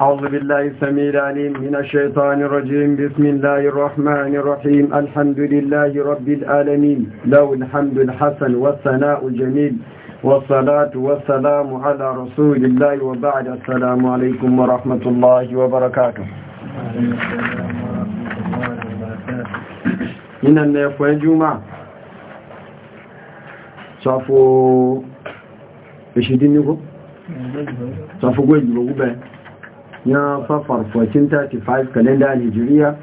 أعوذ بالله السميع العليم من الشيطان الرجيم بسم الله الرحمن الرحيم الحمد لله رب العالمين له الحمد الحسن والثناء الجميل والصلاة والسلام على رسول الله وبعد السلام عليكم ورحمة الله وبركاته إن النافع جمعة صفو بشدين نقول صفو قوي بقوبة ya fafar 1435 kalenda nigeria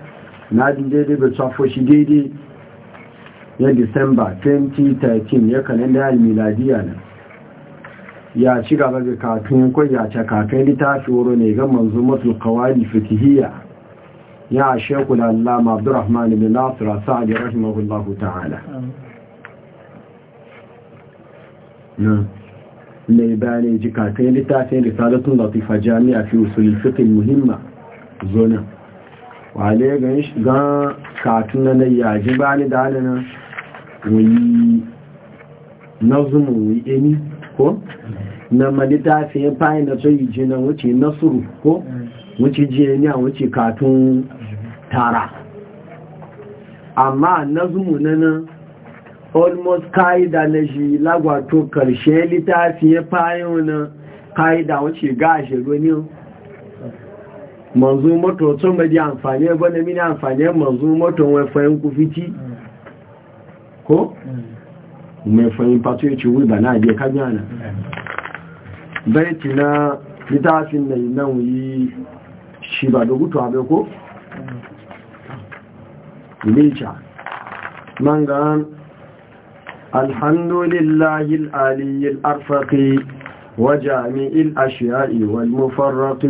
na daidai da tsafo daidai ya disamba 2013 ya kalenda miladiya na ya ci gaba da kakun kwayyace kakun littafi wuri ne ga manzumatul kawali fikihiyya ya shekul allama abdurrahman bin nasir sa'adi rahimahullahu ta'ala mai bayanin jikatan littafin risalatun latifa jami'a fi usul fiqh muhimma zona wale gan gan katun na yaji bani da nan wani nazumu wi eni ko na malita fi fayi na yi jina wuce nasuru ko wuce jiniya wuce katun tara amma nazumin na nan almost ka'ida na shi lagwato karshe littafi ya fayin na ka'ida wuce ga ashiru ne manzu mato tun ba di amfani ba na mini amfani manzu mato wai fayin kufiti ko? mai fayin fato ya ce wuli ba na ajiye kanyana baiti na littafin na nan yi shi ba da gutu abai ko? Ilicha. Mangan الحمد لله الآلي الأرفق وجامع الأشياء والمفرق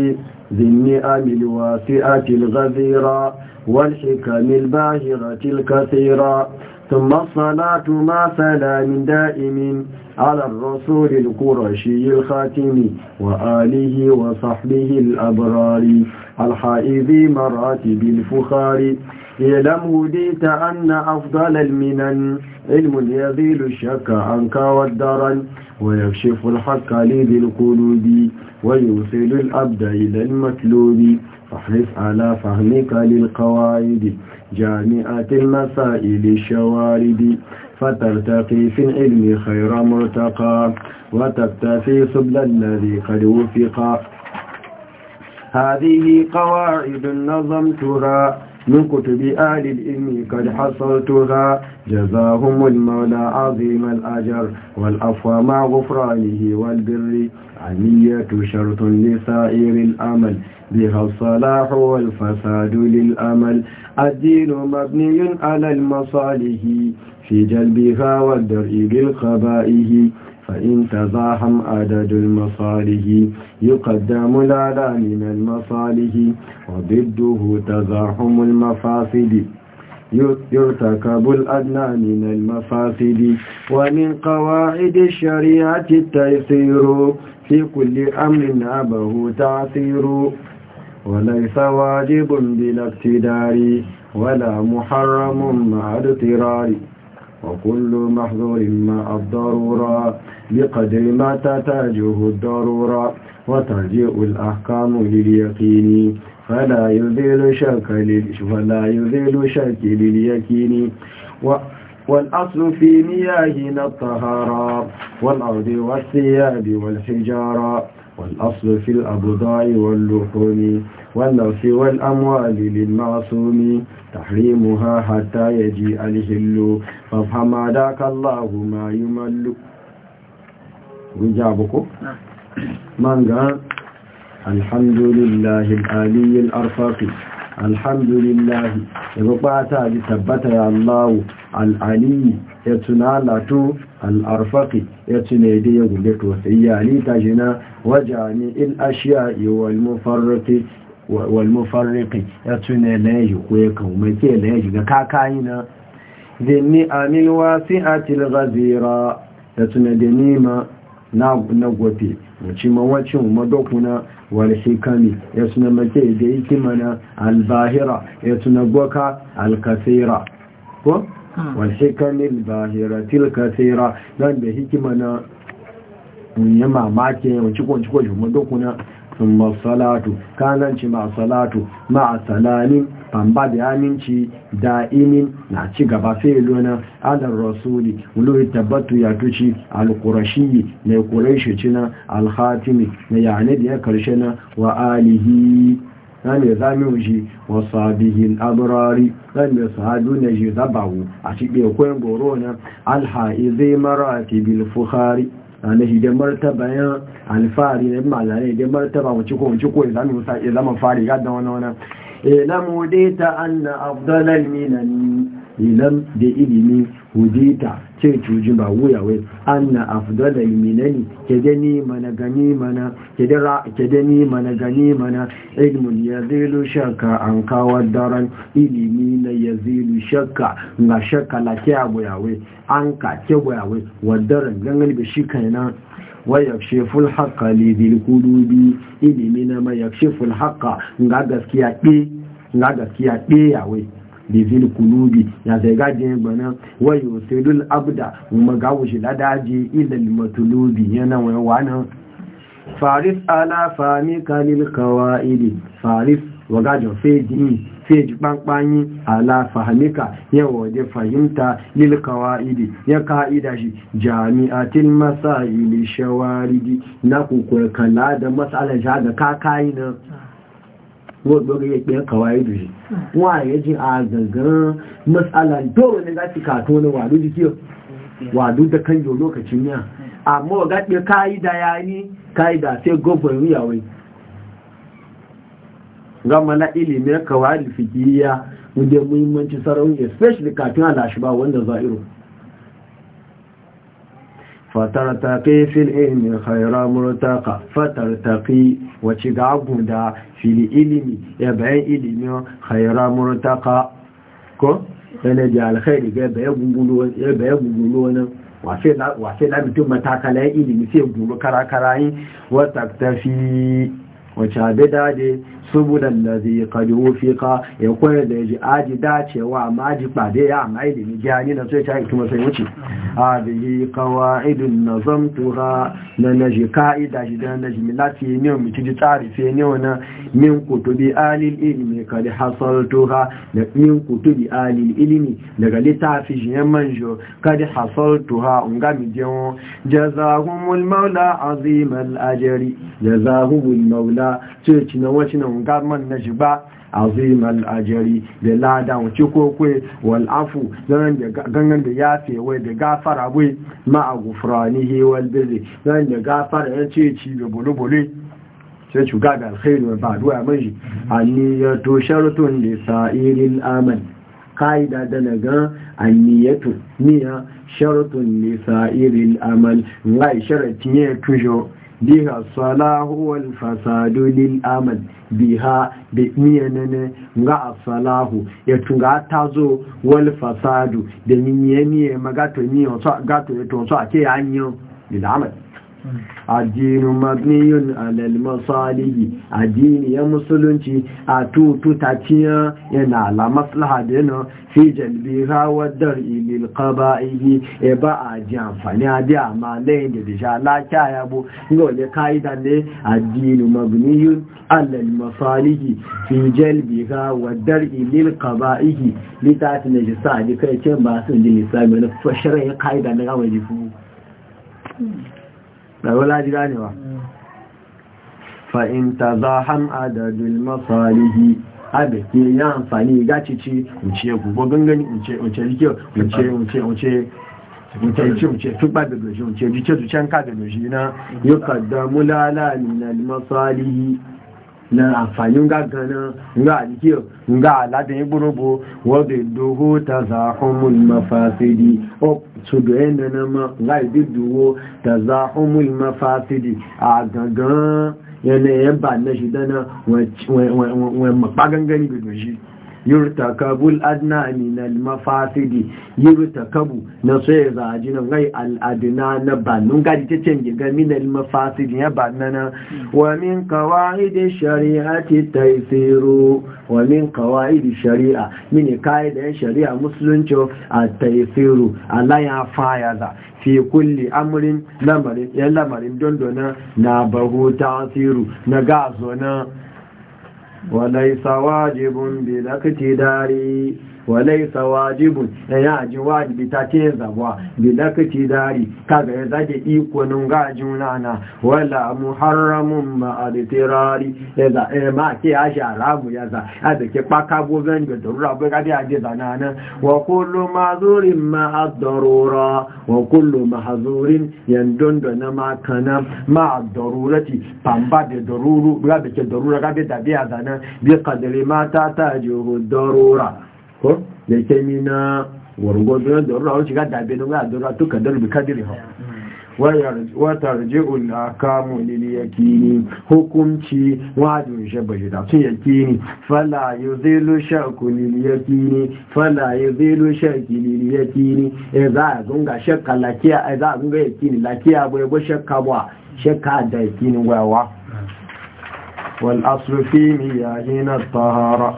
ذي النئم الواسئة الغزيرة والحكم الباهرة الكثيرة ثم الصلاة مع سلام دائم على الرسول القرشي الخاتم وآله وصحبه الأبرار الحائذ مراتب الفخار إلم هديت أن أفضل المنن علم يذيل الشك عنك والدرا ويكشف الحق لي بالقلوب ويوصل الأبد إلى المطلوب فاحرص على فهمك للقواعد جامعة المسائل الشوارد فترتقي في العلم خير مرتقى وتكتفي سبل الذي قد وفق هذه قواعد نظمتها من كتب آل العلم قد حصلتها جزاهم المولى عظيم الأجر والأفوى مع غفرانه والبر عنية شرط لسائر الأمل بها الصلاح والفساد للأمل الدين مبني على المصالح في جلبها والدرء بالقبائه فإن تزاحم عدد المصالح يقدم الأعلى من المصالح وضده تزاحم المفاسد يرتكب الأدنى من المفاسد ومن قواعد الشريعة التيسير في كل أمر أبه تعثير وليس واجب بلا اقتدار ولا محرم مع اضطرار وكل محظور مع الضرورة بقدر ما تتاجه الضرورة وترجع الأحكام لليقين فلا يذيل شك ولا يذيل شك لليقين و والأصل في مياهنا الطهارة والأرض والثياب والحجارة والأصل في الأبضاع واللحوم والنفس والأموال للمعصوم تحريمها حتى يجيء الهل فافهم عداك الله ما يمل وجابكم نعم. من قال الحمد لله الآلي الأرفق الحمد لله يبقى تعالي ثبت يا الله العلي ya tuna latu al'arfaƙi ya tuna ya daya gule to sai ya halitta wajani il ashiya yi walmufarriƙi ya tuna ya laye shi ko ya kawo mai ke laye shi ga kakayi na zinni amin wasi a tilgazira ya tuna da nima na gwafi wace mawacin madokuna والحكم يسنى متى ديك منا الباهرة يسنى بوكا الكثيرة walhikamil tilka kasira dan da hikima na yi mamaki yawan cikon-cikon dokuna, sun masalatu kananci masalatu ma'asalamin bamba da aminci da'imin na ci gaba sai lona adar rasuli wuluwi tabbatu ya tuci alkurashi mai kurashi cina alhatimi na yane da ya karshe na wa'alihi. zane zami wuji wasu abihin aburari zane sahabi na ji zabawu a cikin kwayan goro na alhaizai mara bil fuhari ana shi dan martaba yan alfari na malare dan martaba ko ko zami zama anna afdalal da ilimi hudita ce cujin ba wuya wai anna afdala minani ke gani mana gani mana ke ilmun shakka an kawar daren ilimi na zilu shakka ga shakka na ke abuya wai an ka ke abuya wai wadaran gangan bi shi kaina ويكشف الحق لذي القلوب إلي من ما يكشف الحق نغا غسكيا دي bi kulubi ya sai gaje bana wa yusilul abda magawu shi ladaji ilal al matlubi yana wani faris ala famika lil qawaidi faris wagajin fejini feji ɓanɓanyi ala fahimika ya waje fahimta lil kawa'idi ya ka'ida shi jami'atil masa'ili shawaridi na kukwai kala da matsalar shaga kakana. wọ́n lórí ẹgbẹ́ kàwàá ìdù yìí wọ́n àyẹ́ jí a za wani jí kíyọ da kan yau lokacin yà amma wa gaɗe ka'ida ya yi ka'ida sai gọbin yawai gama na ilimin kàwàá ìlú fikiyya muhimmanci sarauniya especially kafin alashi wanda fatartaqi fil ilmi khayra murtaqa fatartaqi wace ga guda fil ilmi ya bayan ilmi khayra murtaqa ko yana da alkhairi ga bayan gungulo ya bayan gungulo nan wafe la mutum matakala ilimi sai gulo karakarayin wata tafi da subulan da zai fi ka, ya kwaye da ya ji aji dacewa ma ji kpade ya amma ilimi Ni na sai ta hikima sai wuce a da yi kawa idin na zamtura na na ji ka'ida shi da na ji milati ne mu ci ji tsari sai ne na. min kutubi alil ilimi kari hasar tura da min kutubi alil ilimi daga littafi shi yan manjo kari hasar tura un ga mi jewo jazahumul maula azimul ajari jazahumul maula ce ci na man garman na shi ba azim al'ajari da lada wuce kokwe wal'afu gangan da ya fewai da gafara wai ma'a ni hewal beze zan da gafara ya ce ci da bulubule sai shuga da alkhairu ba duwa mai aniyatu sharatun da sa'irin amal ka'ida da naga aniyatu niya sharatun da sa'irin amal ngai sharatin ya tujo biha salahu wal fasadu lil amal biha bi miyanene nga salahu ya tunga tazo wal fasadu da nyiye miye magato ni o so gato to so ake yanyo lil amal addinu mabniyun alal addini ya musulunci a tutu yana la maslaha dinu fi jalbi rawar dar'i bil e ba a ji amfani a di amalai da bisha lafiya ya bu ga wani ka'ida ne addinu mabniyun alal masalihi fi jalbi rawar dar'i bil qaba'ihi litafi na jisa a kai ce ba su ji lissamin na fashirin ka'ida na gawar jifu ɗaro laji ganewa fa'in ta za ham adadin masarihi abe ke yi amfani gacici uce gugu gangani uce uce rike uce uce uce uce uce tukpa da jike da na yi kaddamu lalani na masarihi na amfani ga ganin ga alikiyar ga aladin gbogbo wadda dogo ta zahomul mafasidi o su doyen da nama ga ibi dogo ta zahomul mafasidi a gangan yanayin ba na shi dana wani magagangani da doshi yurta kabul adna min al-mafasidi kabu na sai za a gai al-adna na banun ga ta cin ga min al-mafasidi ya banana wa min qawaid shari'ati taysiru wa min qawaid shari'a min kaida shari'a musulunci a taysiru a ya faya za fi kulli amrin lamarin ya lamarin dondona na bahu tasiru na gazo na وليس واجب بالاقتدار walaisa wajibun da ya ji wajibi ta ce zabuwa bi dakaci dari kaga ya zage ikonin gajin na? wala muharramun ma a litirari ya za a eh, ma ke ya sha ramu ya za a da ke kpaka gogon da darura bai gadi a je zana na, wa kullu mazurin ma a darura wa kullu mahazurin yandon da na makana ma a darurati pamba da daruru gabe ke darura gabe da a zana bi kadiri mata ta jihu darura ko da ke mina wargodo da rawar shiga dabe don ga dora to kadar bi kadiri ha wata rije ulakamu lili yakini hukunci wajen shaba shi da su yakini fala yi zelo shaku lili yakini fala yi zelo shaki lili yakini e za a zunga shakka lakiya e za a zunga yakini lakiya bai ba shakka ba shakka da yakini gwayawa والأصل في مياهنا الطهارة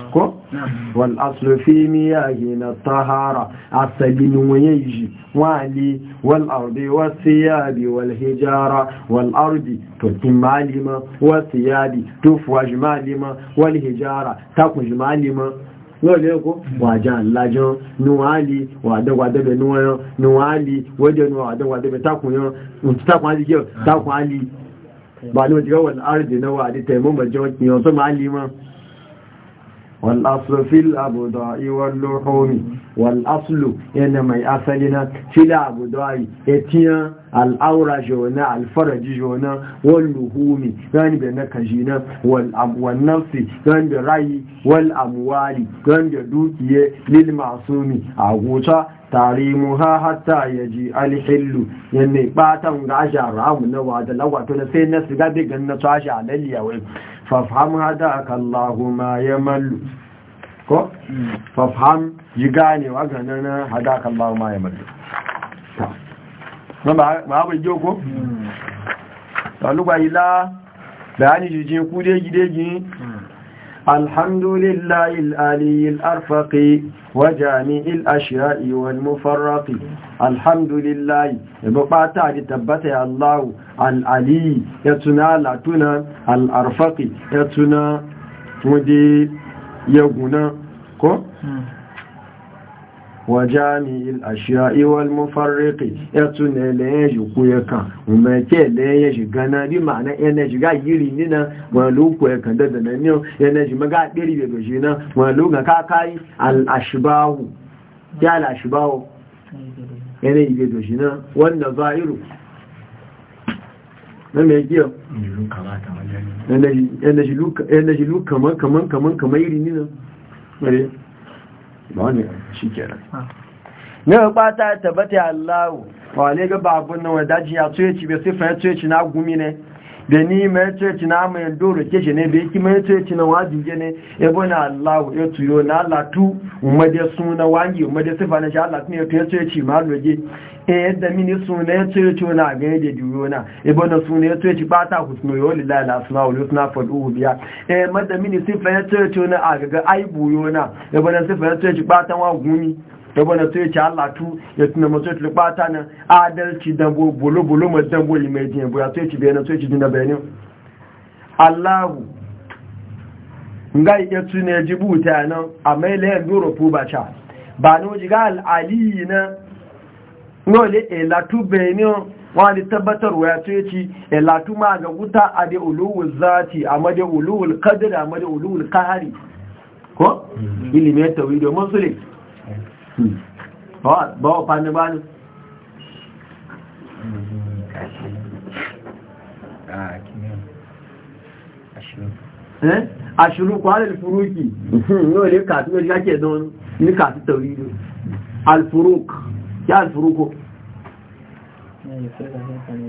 نعم. والأصل في مياهنا الطهارة السجن ويجي وعلي والأرض والثياب والحجاره والأرض تتم علم والثياب تفوج معلم والحجاره تقج معلم وليكو واجان لاجون نوالي وعدا وعدا بنوان نوالي وجا نوعدا وعدا بتاكو يو تاكو علي ba ni wajen wani arzi na wa'adi taimon bajewa kiyon su ma'alima والأصل في الأبضاء واللحوم والأصل إنما أصلنا في الأبضاء إتيان الأورا جونا الفرج جونا واللحوم كان يعني بنكجينا والنفس كان برأي والأموال كان بدوكي للمعصوم أغوطة تعليمها حتى يجي الحل يعني yanne batan gashi a ramu na wadalawa to na sai na siga fafham hadaka Allahumma yamallu ko fafham yi ganewa ga nan hadaka Allahumma yamallu ba abin ko? ɗalugba ila da الحمد لله الآلي الأرفق وجامع الأشياء والمفرق الحمد لله بقاطع تبت الله العلي يتنا لتنا الأرفق يتنا ودي يغنا كو wajami al'ashiya'i wal mufarriki ya tuna ilayen shi kuya kan umarke ilayen ya shiga na bi ma'ana yana shiga yiri nina wani ya na da na wani yi na nina wani shi kenan ah. na kwata ya tabbata allahu wane ga babun nan ji ya tsoye ci bai sifa ya tsoye ci na gumi ne da ni mai tsoye ci na mai doro ke shi ne bai ki mai tsoye ci na je ne e bo na allahu ya tuyo na latu da suna wangi da sifa na shi allah ne ya tsoye ci ma loge e yadda mini suna ya tsoye ce wani da juyo na ibo na suna ya tsoye ce ba ta husnu yau suna wuli suna faɗu biya e madda mini sifa ya tsoye ce wani agaga na ya tsoye ce ba ta wa ce ya tuna masu ya ba ta na adalci dambo bolo bolo mai dambo mai jiyan buya ce ce jina bayanin allahu nga iya tuna ya jibuta nan a mai layan doro ba ca ba ni wajen ga al'ali no le e latu benio wani tabbatarwa ya ce ci e latu ma ga wuta a da uluwul zati a mada uluwul a mada uluwul kahari ko mm-hmm. ilimin tawido musulun ba wa fani ba mm-hmm. eh? mm-hmm. don ni ya alfuruko,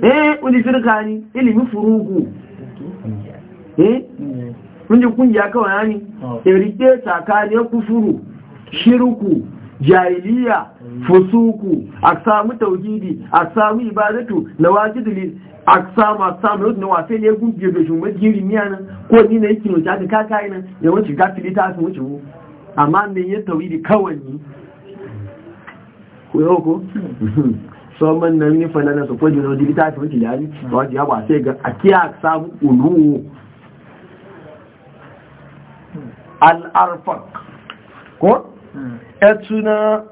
eh wani firka ne ilimin furuku eh kunji kungiya kawai yani irike tsakanin kufuru shirku jahiliya fusuku aksamu tauhidi aksamu ibadatu nawajidul aksamu aksamu na wafe ne gungiyar da giri miya miyanan ko ni na yake nuta ka kakayi nan yawanci gafili ta su wuce mu amma me ya tauhidi kawai ne ku yau ko sọmọ na ní fẹ̀lẹ̀ lẹ́sọ̀ pé jùlọ dìbí táàkì ó ti lè rí wọ́n ti yàwó àti ẹgbẹ̀ àti al'arfak kó ẹtù náà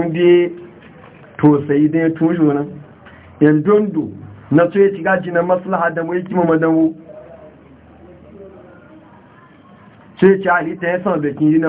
ń bí tosai dai tushe nan yandondo na so ya shiga ji na maslaha da mai kima madawo sai ce halitta ya san da kin yi na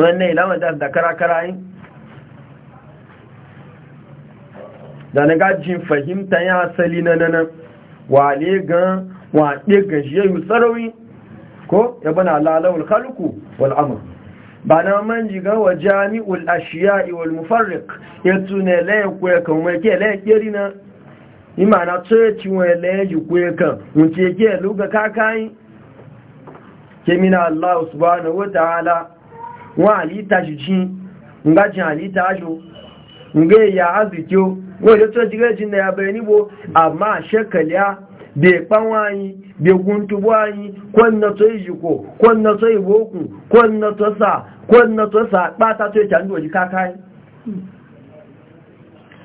wannan ilaman da da karakara yi? da na gajin fahimta ya asali na nanan wale gan waɗe gajiyayyu tsarawi ko ya bana lalawar halku wal'amur ba na manji ga wa jami'ul ashiya iwal mufarrik ya tune layan kuwa kan wake layan ƙeri na imana tsoci wani layan ji kuwa kan wuce ke luga kakayin kemina allah subhanahu wa ta'ala wọn àlítà ṣìṣí ngájì àlítà aṣò ngé ìyà azìkí ó wọ́n ilé tó a jí náà bẹ̀rẹ̀ níbo àmá àṣẹ́kẹ̀lẹ́á bẹ̀ pánwọ́ ayin bẹ̀ gúntubú ayin kọ́nàtọ́ ìyíkò kọ́nàtọ́ ìwókùn kọ́nàtọ́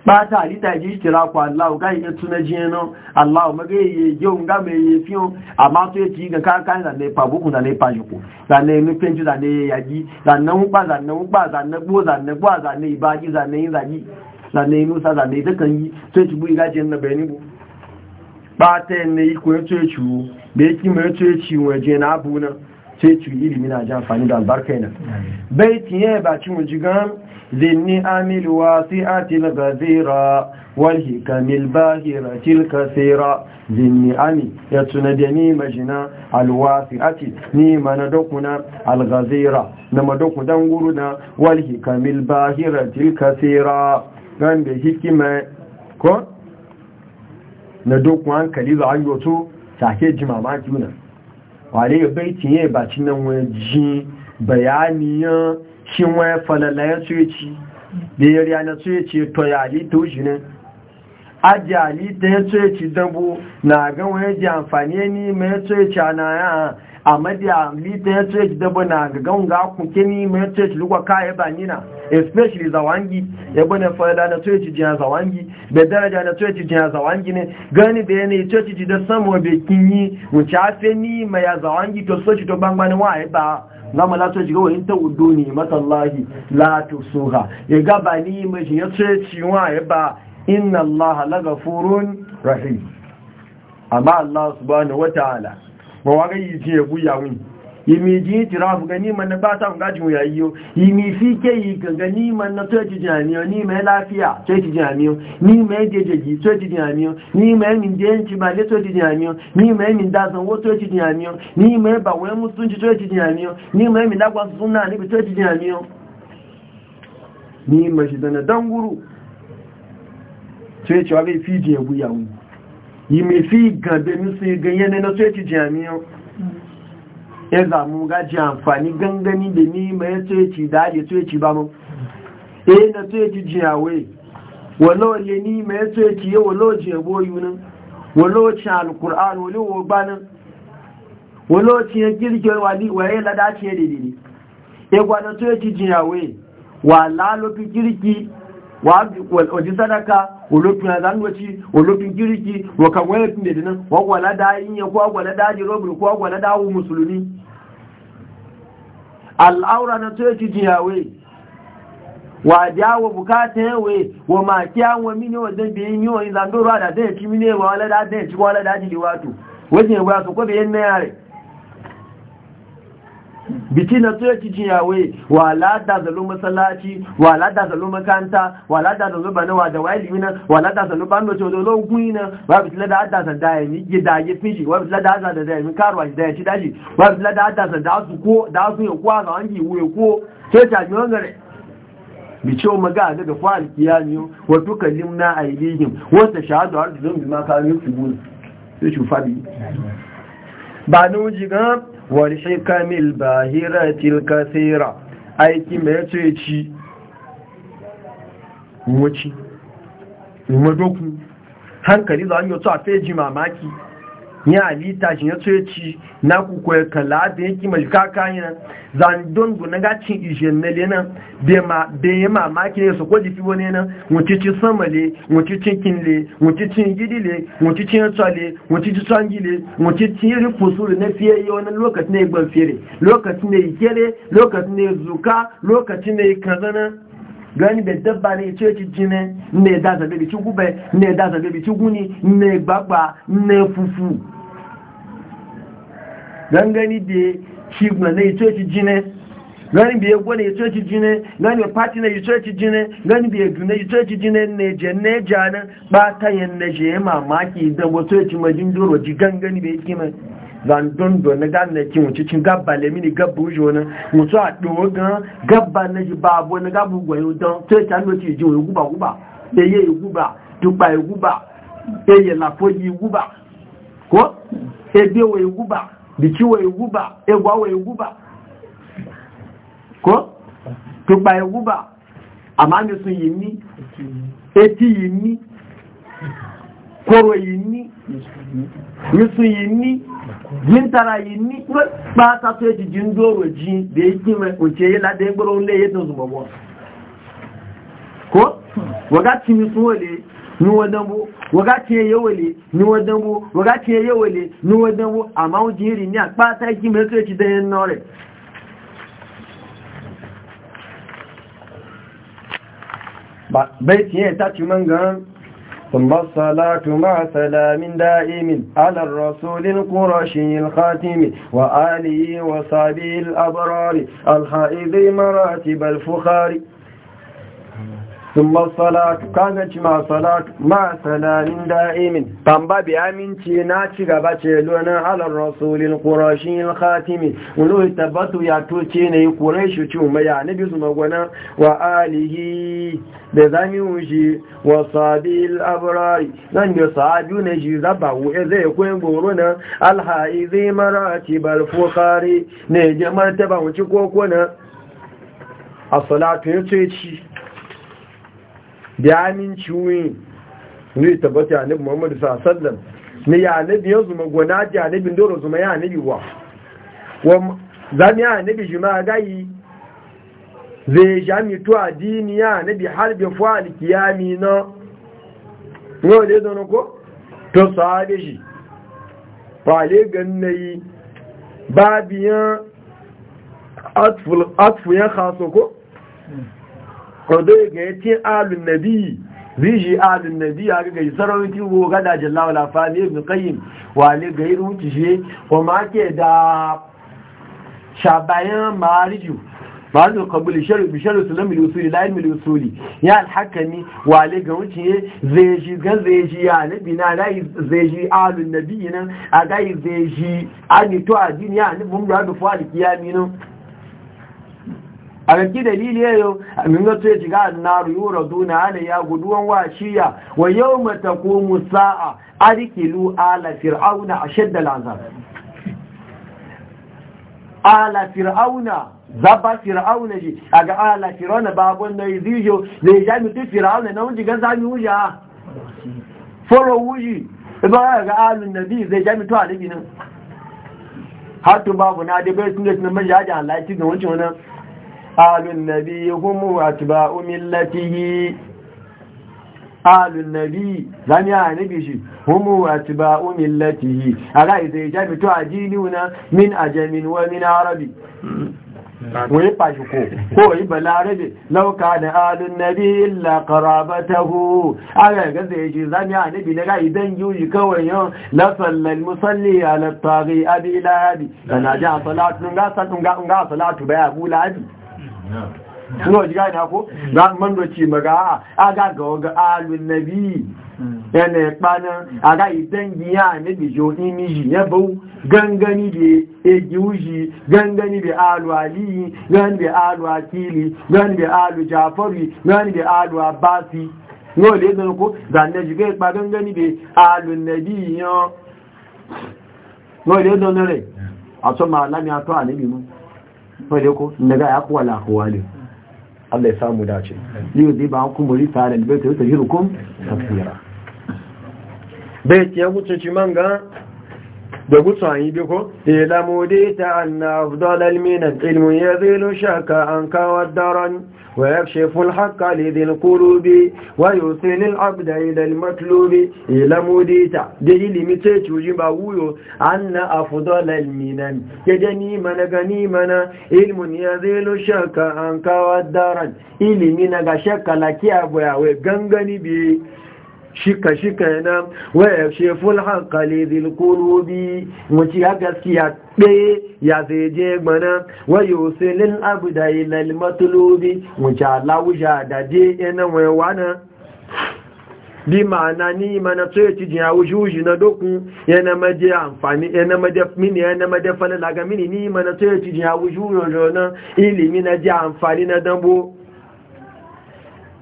bata halitta ji kira ko Allah ga yin tuna jeno Allah ma ga yi yo nga me yi fiyo amma to yi ga ka kan da ne bu ku na ne pa yuku da ne mi penju da ne ya ji da na mu pa da na mu pa da na gbo da na gbo da ne ba ji da ne da ji da ne mu sa da ne da kan yi to ti bu ga na be ni bu ba te ne yi ko to yi chu be ki me to yi chi wa je na bu na to yi ilimi na ja fani da albarka ina bai ye ba chi mu ji gan. ذي النعم الواسعة الغزيرة والهكم الباهرة الكثيرة ذي النعم يتندي نيمجنا الواسعة نيما ندقنا الغزيرة نمدق دنقرنا والهكم الباهرة الكثيرة قام بهكما كون ندق عن كليل عن يوتو تحكي جمامات يونا وعليه بيتي يباتنا وجين bayaniyan shin waya falala ya tsoye ci da ya riya na tsoye ci to ya halitta wuce ne aji halitta ya tsoye ci dabo na gan waya ji amfani ne mai ya tsoye ci ana ya a madi halitta ya tsoye ci dabo na ga gan ga kuke ni mai ya tsoye ci lukwa ya ba nina especially zawangi ya bane falala na tsoye ci jiya zawangi da daraja na tsoye ci jiya zawangi ne gani da yanayi tsoye ci da samuwa bai kinyi wuce afe ni mai ya zawangi to tsoye ci to bangbanin wa ba zama la tuci gawa inta ta uddu matallahi la tusuha ya gaba ni mashi ya ce ciwa ya ba inna allaha la ghafurun rahim amma allah subhanahu wataala wa wa ga yi ce ya guya wani yìí jí ìtìráfù gan ní ìmọ̀ ní bá sáwọn gájùn yà yíó yìí fi ké yìí gangan ní ìmọ̀ ní tó ẹ̀tìdì àmìyàn ní ìmọ̀ láfíà tó ẹ̀tìdì àmìyàn ní ìmọ̀ ẹ̀dẹ̀jẹ̀jì tó ẹ̀tìdì àmìyàn ní ìmọ̀ ẹ̀mì jẹ́ ìtìbalẹ̀ tó ẹ̀tìdì àmìyàn ní ìmọ̀ ẹ̀mì dazanwó tó ẹ̀tìdì àmìyàn ní ìmọ̀ ẹ̀bàwẹ̀ mùsùlùmí tó ẹ̀tìdì àmìyàn ní ìmọ̀ ẹ̀mì lágbàsùn náà níbi tó ni àmìyàn ní ìmọ̀ ṣìdánà dángúrù tó ẹ̀tìwà bẹ́ fíjì ẹ̀wú yàwó yìí mẹ́ fi gàbẹ̀ mí sí gẹ̀yẹ́ nínú tó ẹ̀tìdì àmìyàn ya zamu gaji amfani gangani da ni mai tsoyaci da ya tsoyaci ba mu eh na tsoyaci jiyawe walau le ni mai tsoyaci ya walau jiyabo yunan walau ci alkur'an walau wagbanin walau ci ya kirke waye ladaci ya dede ne ya gwada tsoyaci jiyawe wa lalofi kirki waje sadaka olófin azánúwẹ̀tí olófin gíríkì wọ̀kàwọ́ ẹ̀fìn èdè náà wọ́n wà ládá yíyan kó àgbà ládá jẹ́ rọ́bìnrin kó àgbà ládá wù mùsùlùmí al'aura na to ci jiyawe wa jawo bukata yawe wa maki an wa mini wa zan biyin yi wa yi zandoro da zai ci mini wa wala da zai ci wala da ji liwatu wajen ya su ko da yin na yare biki na tsoye cikin yawe wa lada zalo masallaci wa lada zalo makanta wa lada zalo bane wa da wayi limina wa lada zalo bando to zalo na. wa bi lada adda san da yi gida yi fishi wa bi lada azza da yi min karwa da yi daji wa bi lada adda san da su ko da su ya kwa ga wangi wuye ko sai ta ji wangare bi ce wa ga daga fa alkiyami wa tukallimna ailihim wa tashahadu arjulun bima kanu yuksubun sai shufa bi ba wuji Wani sheka mil aiki mai tse ji wunin doku. Hanka za a yi wa tsohar feji mamaki. ni halitta shi ya tsoye ci na kuku ya kala da yake mai kaka yana zandon guna gacin ishen na lena bai yi mamaki ne su kwaji fi wani nan mutuci samale mutuci kinle cin gidile mutuci tsale mutuci tsangile mutuci iri kusuru na fiye yi wani lokacin na gban fere lokacin ne kere lokacin ne zuka lokacin ne kazana gani bɛ dabba ne tso ti jinɛ ne da zabe bi tsugu na ne da zabe bi tsugu ni ne gbagba ne fufu gangani da shi na itoci jine gani bi egwo na itoci jine gani bi pati na itoci jine gani bi egu na itoci jine ne je ne jana ba ta yin na je mamaki idan wato ya ci majin doro ji gangani bi yake mai zandon don na gane ki wuce cin gabba lemi ne gabba wuce wani mutu a ɗowo gan gabba na ji babu na gabu gwayo don to ya ci lokaci ji wani guba guba eye guba tukpa guba eye lafoji guba ko ebe wai guba bìtí wọ egúbà egwà wọ egúbà kó pípa egúbà sun yìí ní etí yìí ní kóró yìí ní nísùn yìí ní jíntara yìí ní pátá tó èjì ejiji ń dóòrò jí bèé jí mẹ́ òjì èyí ládé gbọ́rọ̀ mi ni wadan bu wagati ye yawale ni wadan bu wagati ye yawale ni wadan bu amma o jiri ni apa ta ki me so ti de no re ba bai ti ye ta ti mangan ثم الصلاة مع سلام دائم على الرسول القرشي الخاتم وآله وصحبه الأبرار الحائض مراتب الفخار ثم الصلاة كانت مع صلاة مع سلام دائم قام بابي آمين تينا تيغابا تيلونا على الرسول القراشي الخاتم ولو تبطو ياتو تينا يقريش تيوم يا نبي زمغنا وآله بذامي وجي وصابي الأبرار لن يصابي نجي زبعو إذا يكون بورنا الحائذي مراتب الفخاري نجي مرتبه تيكوكونا الصلاة يتويتي da ya aminci wuyi zai tabbata annabi muhammadu sallam ne ya annabi yanzu magwana ji annabin doro zuma ya annabi wa zami ya annabi jima gayi zai jami a dini ya annabi harbe fuwa alkiyami na yau da zana ko to sahabe shi fale gannayi babiyan atfu ya khaso ko kodai ga yake alun nabi biji alun nabi a ga yi sarauti ko gada jallawa la fani ibn qayyim wa ne ga yi ruci shi ko ma ke da shabayan mariju bazu kabuli sharu bi sharu sulam li usuli la ilmi li usuli ya al hakami wa le ga wuce zeji ga zeji ya ne bina la zeji alun nabi a ga zeji ani to adini ya ne mun da fa kiyami nan a ganki dalili ya yau a zato ya shiga na ruyura duna ala ya guduwan washiya wa yau mata ko musa'a arikilu ala fir'auna a shadda lazar ala fir'auna zaba fir'auna ji a ga ala fir'auna babon na yi zijo da ya jami tu fir'auna na wunji gan zami a foro wuji ba ga alun nabi zai jami tu a nabi nan har babu na dabe sun da sunan manja ajiyar laifi ga wancan wani. آل النبي هم أتباء ملته آل النبي زمي عنبشي هم أتباء ملته على إذا يجب تعجينونا من أجم ومن عربي Wai fashiko, ko yi balarabe, lauka da alun nabi illa karabatahu, aga ga zai ce zami a nabi na ga idan yi kawai yawan lafallar musalli a lafari abi ilahabi, da a salatu, ga salatu baya bu labi. suna ji gani ako za man doci maga a ga ga waga alun nabi yana ya kpana a ga idan giya ne da jo imiji ya bau gangani da egi wuji gangani da alu aliyi gani da alu akili gani da alu jafari gani da alu abasi yau da ya ko zanen ji ga pa gangani da alun nabi yan yau da ya zanen rai a so ma alami a to a nabi mu wadda ko daga ya kuwa lahuwa ne Allah ya samu dace liyu zai ba hankun muri tare da bai ta yi ta hirukum tafira bai ta wuce ci manga da gutsu an yi biko ila eh, mudita anna afdal alminan ilmu yazilu shaka an kawar daren wa yakshifu alhaqqa lidil qulubi wa yusilu alabda ila almatlubi ila eh, mudita da ilimi ce cuji ba wuyo anna afdal alminan kaje ni mana gani mana ilmun yazilu shaka an kawar daren ilimi na ga shakka lakiya boyawe gangani bi shika shika yana waya sheful hankali zilkurubi wace ya gaskiya ɗaya ya zai je mana wayo silin abu da yi lalmatulubi wace alawuja da je yana na. bi ma'ana ni mana tsoye cijin ya wuce wuce na dokun yana maje amfani yana maje mini yana maje falala ga mini ni mana tsoye cijin ya wuce wuce na ilimi na je amfani na dambo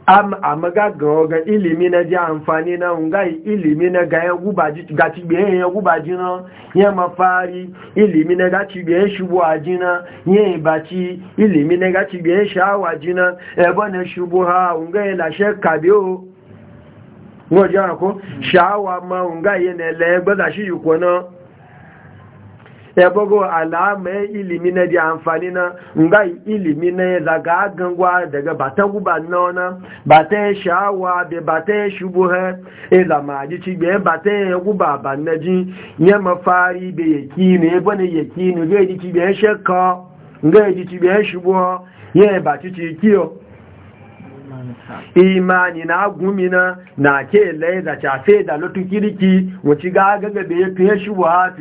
a magagawa ga ilimi na ji amfani na nga ilimi na ga yan gubaji ga tibiyen yan gubaji na yan mafari ilimi na ga tibiyen shubu aji na yan ibaci ilimi na ga tibiyen sha'awa ji na ebe na shubu ha nga yi lashe kabe o wọ́n jẹ́ àkó ṣàáwà ma ń gáyé nẹ̀lẹ́ gbọ́dà sí ìkọ̀ náà ya bago alama ya ilimi na di amfani na nga ilimi na ya zaga gangwa daga bata guba na wana batan sha'awa da batan shubu ha e ya zama ji ci bayan batan ya guba ba na ya mafari da yaki ne ya bane yaki ne ga ya ji ci bayan shakka nga ji ci bayan shubu ha ya ba ci ci kiyo imani na gumina na ke lai da cafe da lotu kiriki wuci ga gaga ya fiye shi wa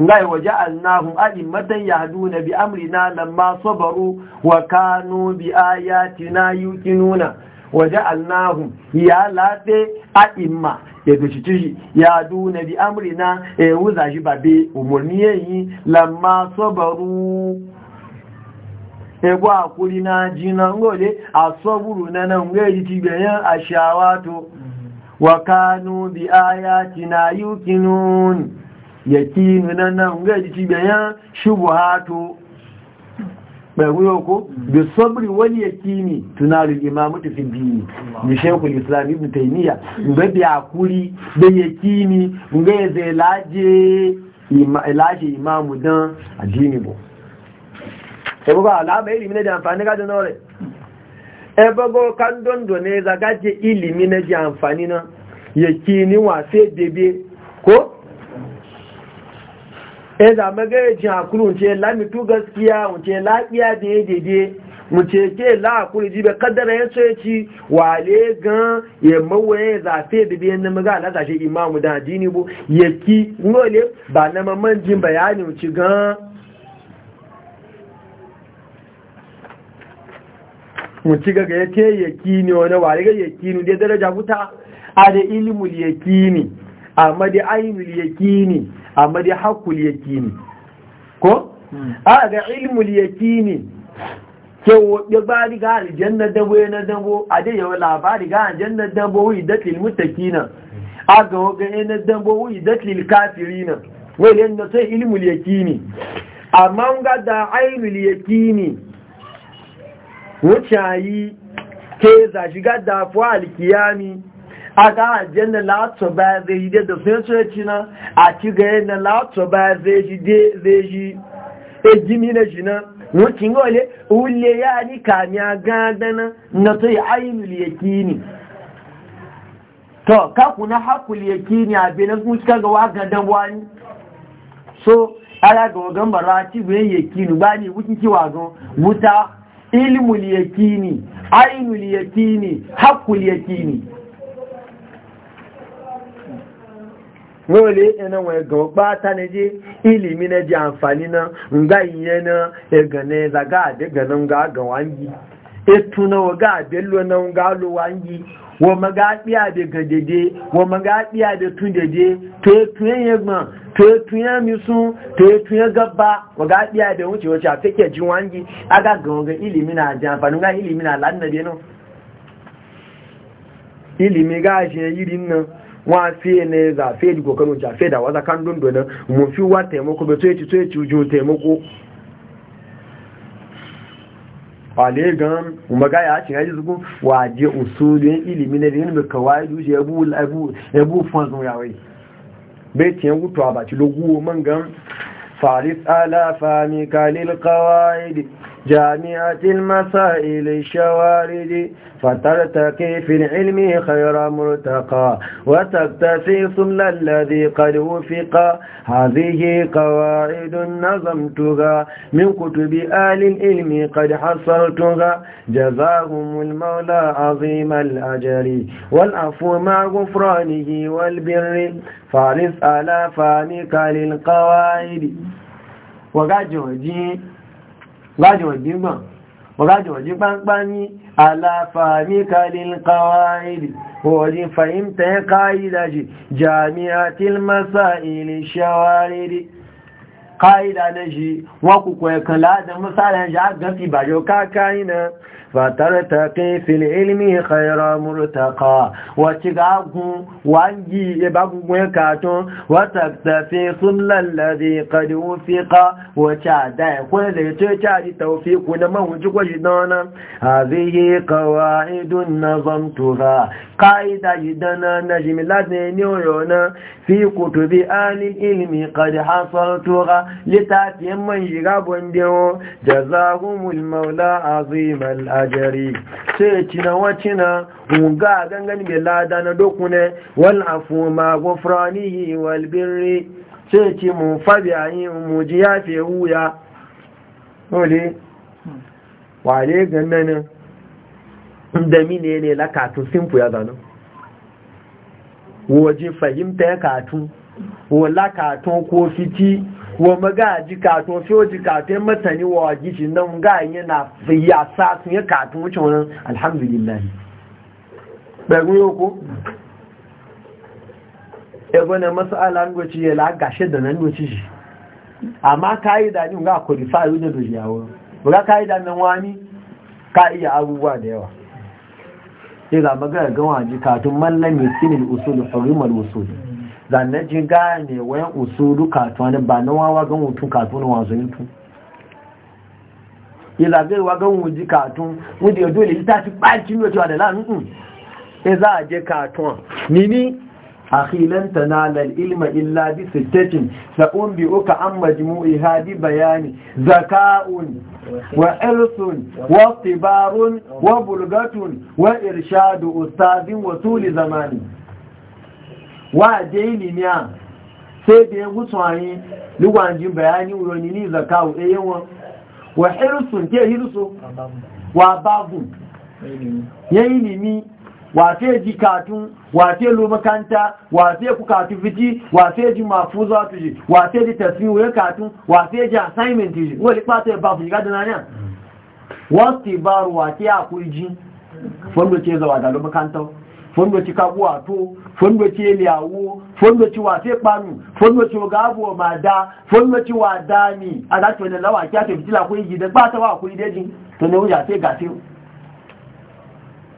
ngai waje annahum a'immatan yahduna bi amrina lamma sabaru wa kanu bi ayatina yuqinuna waje annahum ya lafe a'imma ya gaci ya duna bi amrina ya e wuza shi babe umurni yi lamma sabaru egwu akwuri na ji na ngole asoburu na nan ngeji tibeyan ashawato mm-hmm. wa kanu bi ayatina yuqinun yakinu na nan ngeji tibeyan shubuhato pẹ̀lú yóò mm-hmm. bí sọ́bìrì wọ́n yẹ kí ní tunaru imamu tafi fi bí ṣekul mm-hmm. islam ibn taimiyya ǹgbẹ́ bí àkúrí bẹ́ yẹ kí ní ǹgbẹ́ ẹ̀zẹ̀ láàájẹ́ imamu dán àdínibọ̀ ebogo alama ilimi ne da amfani ga don nore ebogo kan dondo ne zagaje ilimi ne ji amfani na yake ni wa sai bebe ko e da magaye jin akuru unce lamitu gaskiya unce lafiya da ya dede unce ke la akuru jibe kaddara ya so yaci wale gan ya mawaye zafe da biyan na maga ala zashe imamu da jini bu yaki nole ba na mamman jin bayani unce gan mutu gaga ya ce yakini wani wari ga yakini da daraja wuta a da ilimul yakini amma da ainul yakini amma da hakul yakini ko a ga ilimul yakini ke ya ba riga na dabo na dabo a da yawa labari ga na dabo wai datil mutakina a ga waga na dabo wai datil kafirina wani yanda sai ilimul yakini amma ga da ainul yakini wucayi ke za shiga dafuwa alkiyami ga ajiyar da lato baya zai yi da sun soci na a ci ga e na lato baya zai shi ejimi na shi na wucin gole wule ya ni kamiya gadana na to yi ainihin yakini to kaku na haku hakul yakini abinan kuma cika ga wagadan wani so ala ga wagan bara ci bu yakini ba ne wucin kiwa gan wuta ilmul yakini ainul yakini haqqul yakini wole ina wa ga ba ta ne je ilimi na ji amfani na nga iye na ega ne za ga de ga nan ga wangi etu na wa ga bello na nga lo wangi wa ga da gadede wa wọ da ga dede to ya tuye ya gban to ya tuye misu to ya wọ ga magaɗiya da wuce wace a fake jin wangi aga ganga ilimi na ji amfani ga ilimi na lanna beno ilimi ga shi kan fi wa taimako wale gan umaga ya cin haji zugun waje usulin ilimi na yin baka waye duje ya bu fanzun yawai bai tiyan gutuwa ba ci man gan faris ala fami kalil kawai جامعة المسائل الشوارد فترتقي في العلم خير مرتقى وتكتفي صمل الذي قد وفق هذه قواعد نظمتها من كتب آل العلم قد حصلتها جزاهم المولى عظيم الأجر والعفو مع غفرانه والبر فارس على فانك للقواعد وقد جهدين gajewar girman waje bangbani alafamika lilkawa'idi waje fahimta ya ka'ida shi jami'atil masa'ili shawariri ka'ida na shi wakukwai kala da misalin shi a gafi ba fatartaqi fil ilmi khayra murtaka, wa tigagu wangi e bagugun ka ton wa taktafi sunnal ladhi qad ufiqa wa cha da ko le to cha di tawfiqu na man wuji ko shi dona hadhihi qawaidun nazamtuha qaida yidana najmi ladhi ni oyona fi kutubi ahli ilmi qad hasaltuha litafi man yigabon dewo jazahumul maula azimal ajari sai cina wacina ga gangan mai lada na dokune wal afu ma gufranihi wal birri sai ci mun fabi yi mu ji ya fe wuya ole wale gannan da mine ne la katu simple ya zanu waje fahimta ya katu wala katu ko fiti wa maga ji kato so ji kato ya matani wa gishi nan ga na, ya sa sun ya kato wucin wani alhamdulillah ɓagun yau ko ebe na matsala ngoci ya gashe da nan ngoci shi amma ka yi da ni ga kurifa yi da doji yawon ga ka yi da nan wani ka iya abubuwa da yawa ya ga magana gawa ji kato mallan mai sinin usul hurumar usul zannan jin ne wayan usulu katuwa ba na wawa gan hutun katuwa na wazo nitu ìlàgbé wa gan wuji katun wudi ya dole ita fi ɓaci ne cewa da la'anun e za a je katuwa nini a hilanta na lal'ilma illa bi tekin sa'un bi uka an majmu'i hadi bayani zaka'un wa irsun wa tibarun wa bulgatun wa irshadu ustazin wa tuli zamani wa je ilimi a sai da ya gutsu anyi lugwanjin bayani uroni ni zakawu eyen wọn wa hirsun ke hirsu wa babu ya ilimi wafe ji katun wafe lo makanta wafe ku katu fiti wafe ji mafuza tu ji wafe ji tasiri ya katun wafe ji assignment ji wani kpata ya bafu shiga dunaniya wasu ti baro wafe ya kurji wanda ce zawa da lo makanta fondoci kaguwa to fondoci eliyawo fondoci wa sai kpanu fondoci wa gabuwa ma da fondoci wa dami a zafi wani lawa kya ta fitila kun yi da ba ta wa kun yi dajin to ne wuya sai gafe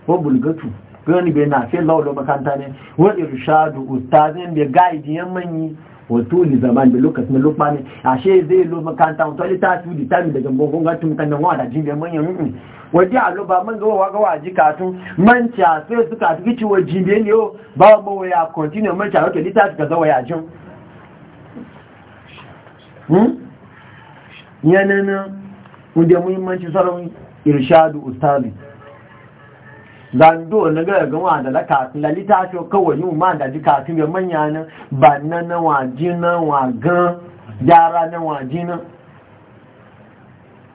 ko bulgatu gani bai na sai lawa makanta ne wa irshadu ustazin bai ga idiyan manyi wato ni zaman da lokacin lokma ne ashe zai lo makanta wato ali ta tu di tami daga gogon ga tun kan wa da jibe manyan mun waje a lo ba man ga wa ga waji katun man cha sai suka tuki ci wa jibe ne yo ba mu ya continue man cha wato lita suka zawa ya jin hmm yana na mun da muhimmanci sarawin irshadu ustadi zando na ga gama da la kafin la litasho kawai mu ma da ji kafin ga manya nan ba nan na waji nan wa gan yara nan waji nan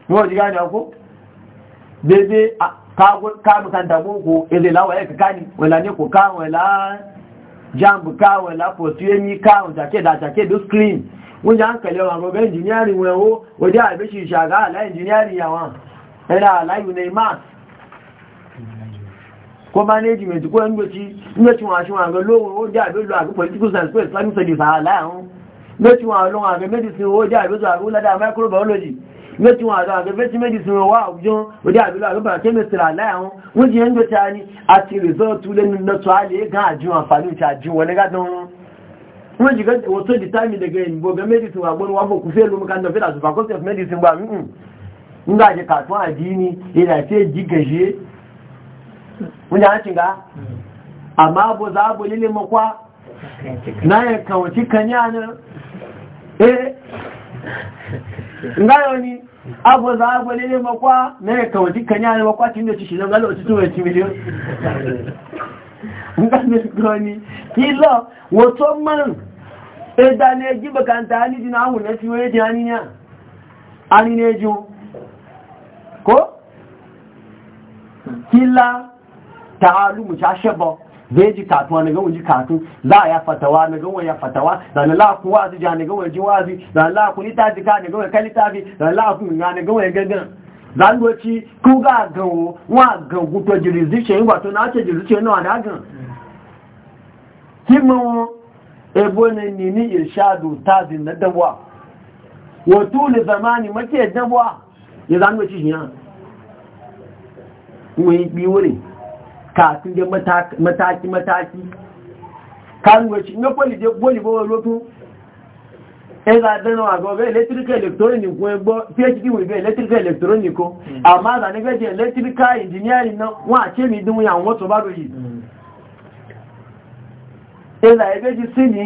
yau ji gani ko bebe ka mutanta boko ile lawa ya kakani wala ne ko ka wala jambu ka wala potuemi ka jake da jake do screen wọ́n jẹ́ àǹkẹ̀lẹ̀ ọ̀rọ̀ ọ̀rọ̀ engineering wọn ó wọ́n jẹ́ àìbẹ́ṣì ìṣàgá àlá engineering àwọn ẹ̀rà àláyù neymar ko management ko ngoci ngoci wa shi wa ga lowo o ja be lo agu political science ko islamic studies ha la hun ngoci wa lo wa medicine o ja be zo la da microbiology ngoci wa ga veterinary medicine wa agujo o ja be lo agu ba chemistry la hun wo je ta ani at result le ni to ale ga aju anfani ti aju wole ga don wo ji ga wo to determine the gain bo ga medicine wa gbon wa bo ku fe lo mu kan do fe da faculty of medicine ba mm nga ka to adini ila wanda an shiga amma bu za bu lili makwa na ya kawaci kanya na eh ngayo ni abu za bu lili makwa na ya kawaci kanya na makwa cin da cikin zan galo ci tuwa ci miliyon ngayo gani kilo wato man e da ne ji bakanta ani dina awu na fi waye tani ne ani ne ju ko kila ta'alumu ta shaba zai ji katuwa na gawon ji katu za a ya fatawa na gawon ya fatawa da na laku wazi ja na gawon ji wazi da na laku litafi ka na gawon kan litafi da na laku na na gawon ya gangan za ku ci ku ga gawo wa ga guto jurisdiction yi wato na ce jurisdiction nawa na gan kimin ebo ne ni ni irshadu tazin na dabuwa wato ne zamani make dabuwa ya za ku ci shi ya wani biyu ne kafin da mataki-mataki kanwaci na kwalide gwalibo wa lotun ẹgbà dánà àgọ́gẹ́ electrical electronic wọn gbọ́ phd wèbẹ̀ electrical electronic o àmá àdánigẹ́jẹ̀ electrical engineering náà wọ́n àṣẹ́mì ìdínwó àwọn tó bá lóyìí ẹgbà ẹgbẹ́jì sí ní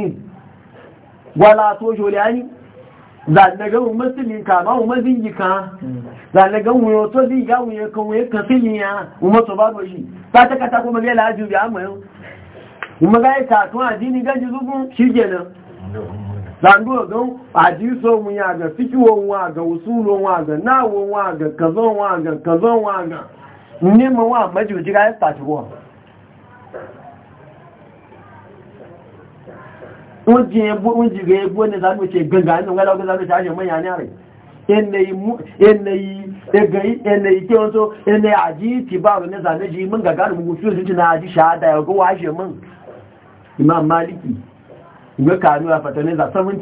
wà látó ṣòlẹ̀ á zanagan umarsilin kama umarzin jika zanagan wuyo to zai ga wuyo kan wuyo kan filin ya umarsu babu shi ta ta kata kuma gela ajiyu ya amayo kuma ga ya tatu a jini gaji zubin shi kenan zandu gan ajiyu so mu ya ga fikiwon wa ga usulon wa ga nawon wa ga kazon wa ga kazon wa ga neman wa majiyoji ga ya tatu kuwa unji ga yabo ne za mu ce ganga ne ngala ga za mu tashi manya ne rai yanayi yanayi egayi yanayi ke wato yanayi aji tibaru ne zane mun ga gani mugu na aji shahada ya ga washe mun imam maliki ga kanu ya fata ne za man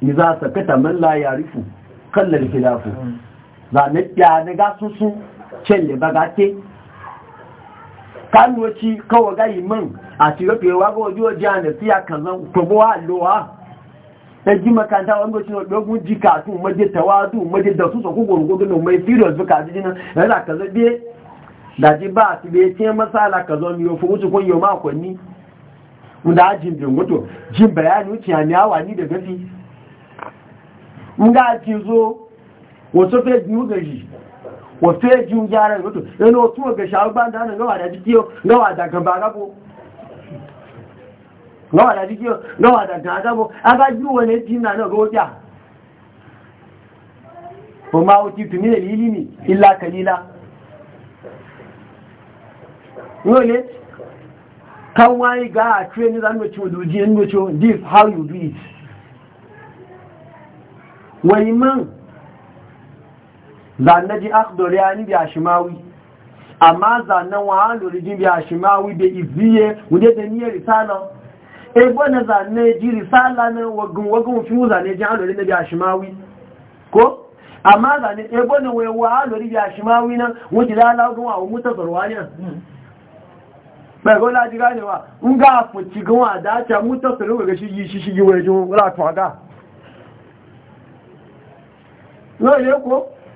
ni za celle bagate kanwoci kawo gayi man a tirofe wago ojú ojú ànà sí àkànlọ gbogbo wa lò wá ẹjí makanta wọn bó ṣe ọgbọ́gbọ́n jí kàtún mọ́jẹ́ tẹwàádùn mọ́jẹ́ dọ̀túnṣọ́ kúgbòrò gbogbo náà mọ́jẹ́ fíríọ̀sì kàtún jìnà ẹ̀rẹ́dà kàzọ́ bí daji ba su ya ce masala ka zo miyo fi wuce kunyo makonni da ajin bin mutu jin bayani wuce ya miyawa ni da gafi ga ci zo wasu fe biyu gaji wato ya jin gyara mutu yana wato ga shawo ban da nan gawa da jikiyo gawa da gaba gabo gawa da jikiyo gawa da gaba gabo aga ji wani tin na nan goja ko ma wuti tuni da lilimi illa kalila yole kan wani ga a training zan wuce wuce wuce this how you do it wani man zanne ji akhdori ani bi ashimawi amma zanne wa alori ji bi ashimawi de iziye wunde da niyyar risala e bona zanne ji risala na wagun wagun fi zanne ji alori na bi ashimawi ko amma zanne e bona we wa alori bi ashimawi nan wunde da lagun wa mutasarwa ne bẹ̀gọ́lá jíra ni wa ń gá àfùn ti gan wà dáadáa mú tọ́sọ̀ ló wẹ̀rẹ̀ sí yìí ṣíṣí yíwẹ̀ jùun látọ̀ àgá lóòrẹ́ kó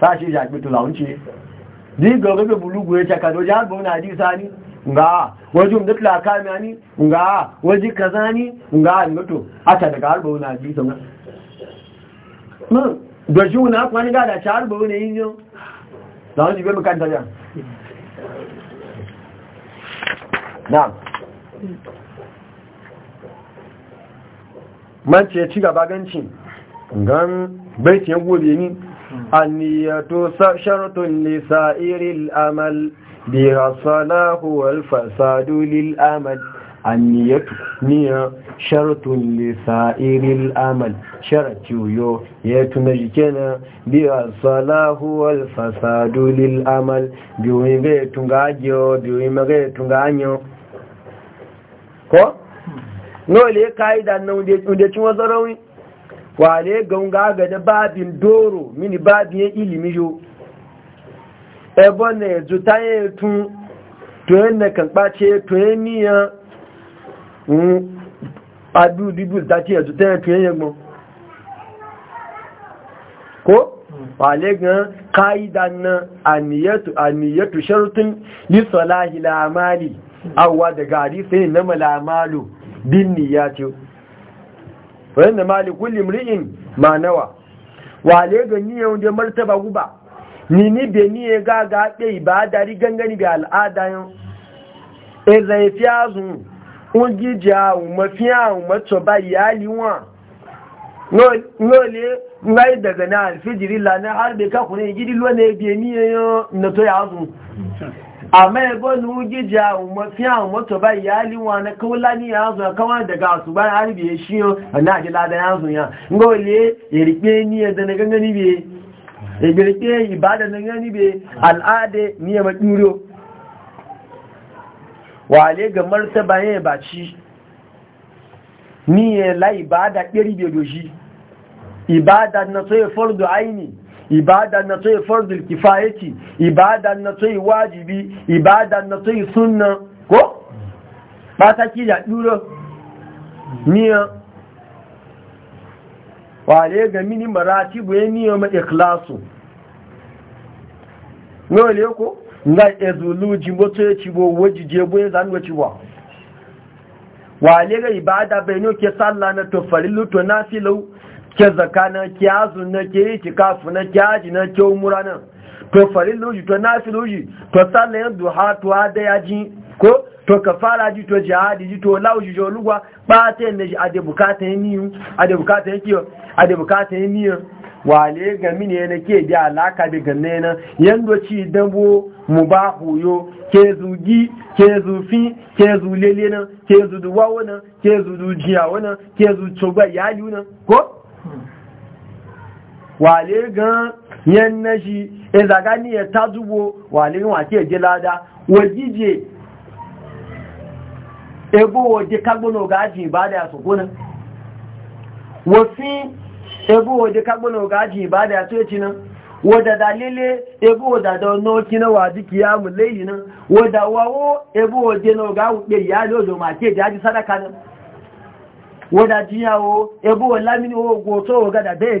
sashi jaɓe to launce ni ga gabe bulugu ya caka doji har bauna hadisa ni nga waje umda tulaka na ni nga waje kaza ni nga ni mutu ata daga har bauna hadisa na mun doji una kuma ni ga da har bauna yin yo lawan jibe mu kan tabiya na'am man ce ci gaba gancin gan bai ce gobe ni النية شرط لسائر الأمل بها الصلاة والفساد للأمل النية نية شرط لسائر الأمل شرط يو يتنجكنا بها الصلاة والفساد للأمل بيوين غيتنغاجيو بيوين غيتنغانيو ko no le kaida nan unde unde cin wazarawi wale ganga ga da babin doro mini babin ilimi yo ebo ne zuta ye tun to yana kan ɓace to ya niya hmm, adu dibu da ce zuta ye to ya gbon ko wale ga kaida na aniyatu aniyatu shartun li salahi lamali awwa da gari sai na malamalu bin niyatu Wani da mali kulli ma nawa wale ga ni martaba guba ni ni be ni e ga ga be ba dari gangani bi al'ada yau e zai fi azu un gija un mafi un matso ba yali wa no le ngai daga na alfijiri la na har ka gidi lo ne be ni yau na to ya azu amma yabo ni ugije ahun mafi ahun moto ba iyali wa na kawula ni ya zo daga su ba har biye shi yo na aje lada ya zo ya ngo le erike ni ya da na gangani be ebirike ibada na gangani be al'ada ni ya maduro wa ale ga martaba ya ba ci ni ya la ibada kiri be doshi ibada na so ya fardu aini ibada na tsaye fardul kifayati ibada na tsaye wajibi ibada na tsaye sunna ko ba ta ki da duro niyan wale ga mini maratibu ya niyan ma ikhlasu nole ko na ezulu jimbo tsaye cibo wajije boye zanuwa cibo wale ga ibada bai nuke sallah na to farilu to nafilu ke zaka na ke azun na ke itikafu na ke aji na ke umura nan to farin luji to nafi luji to tsallayen duha to hada yaji ko to kafara ji to jihadi ji to lauji ji olugwa bata yin naji ade bukata yin niyu ade bukata yin kiyo ade bukata yin niyu wale gami ne na ke bi alaka bi ganne na yando ci dabo mu ba huyo ke zugi ke zufi ke zulele na ke zuduwa wana ke zudujiya wana ke zu zucoba yali wana ko wale nye yan nashi izaga e ni ya e ta zubo gan wake je lada wajije ebo waje kagbono ga aji ibada ya sokuna wasi ebo waje kagbono ga aji ibada ya soyaci nan wadda dalile ebo wadda da e noki na wadi kiyamu laili nan wadda wawo ebo waje na ga wuɗe ya lozo ma ke sadaka ya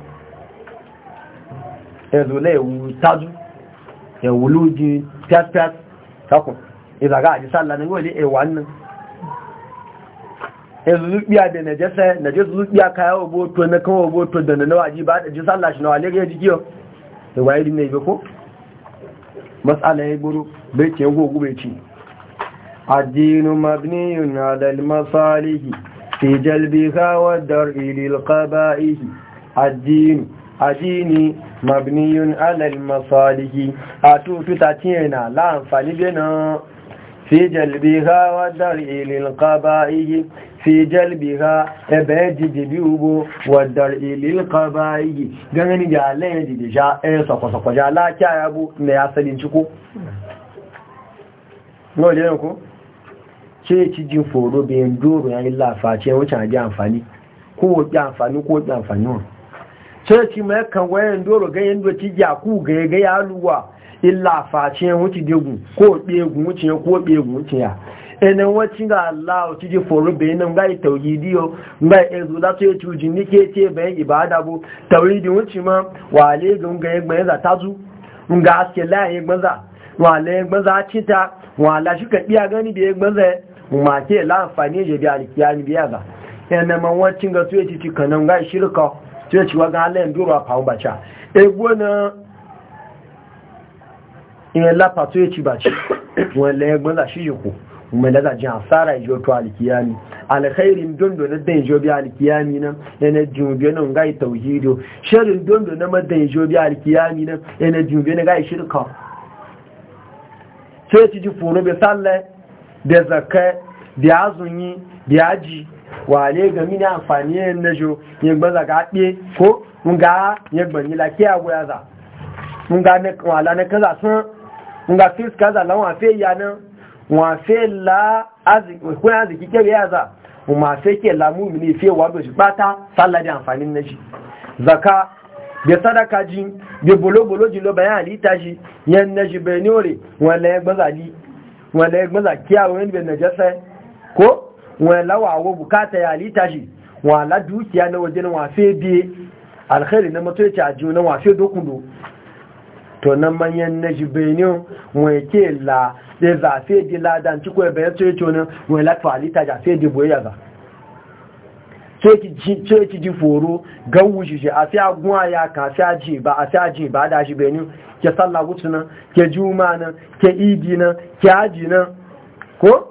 ẹ̀zùlẹ̀ ìwú tájú ẹ̀wù lójí pẹ́pẹ́t takùn ìzàgá àjísàlá ní wọ́n ilé ẹ̀wà nínú ẹ̀zùlúpí àdẹ̀nẹ̀jẹ́sẹ́ nẹ̀jẹ́sùlúpí àkáyà òbó tó nẹ́kán òbó الدين adini mabniyun alal masalihi a tutu ta tiyana la'amfani bena fi jalbiha wa dar'i lil qaba'ihi fi jalbiha ebe jide bi wa dar'i lil qaba'ihi ganin ga alayin jide sha e sakwasakwa ja lafiya ya bu na ya salin no je ko ce ci jin foro bayan doro ya yi lafa ce wuce a ji amfani ko wuce amfani ko wuce amfani wani ceci mai kan wayan doro ganyen doki ya ku ga ga ya luwa illa face wuce degu ko degu wuce ko degu wuce ya ene wacin ga Allah ti ji foru be nan ga tauhidi yo ga ezu da to yuju jinni ke ce bayan ibada bu tauhidi wuce ma wa wale ga ga yagba za ta zu ga aske la yagba za wale yagba za ci ta wala shi ka biya gani da yagba za ma ke la amfani je biya alkiyani biya ga ene man wacin ga su yaci kanan ga shirka tí ó ti wá gan alẹ́ ìdúró àpàwọn bàchá egbó náà ìyẹn lápá tó èkì bàchá wọn lẹ́gbọ́n láṣí yòkó mai da jin asara ijo to alkiyami alkhairin dondo na dan ijo bi alkiyami nan yana jumbe nan ga tauhido sharrin dondo na madan ijo bi alkiyami nan yana jumbe na ga shirka sai ti ji furo be salle da zakai da azunyi da aji wale ga mini amfani yin na jo ya gbaza ga ɗe ko nga ya gbanyi lafiya goya za nga na wala na kaza sun nga fis kaza la wa fe ya na wa la azi ko azi ke ya za mu ke la mu ni fe wa do shi bata salladi amfani na shi zaka bi sadaka ji bi bolo bolo ji lo bayan alita ji yan na ji benore wala ya gbaza ji wala ya gbaza kiyawo yan bi najasa ko wani lawawo bukata ya halitta shi wala dukiya na wajen wafe biye alkhairi na matoci a jiyo na wafe dokundo to nan manyan na jibenin wake la ya zafe di ladan ji foro gan wuce shi a fiya fiya ji ba a fiya ji ba da shi benin ke sallah gutu nan ko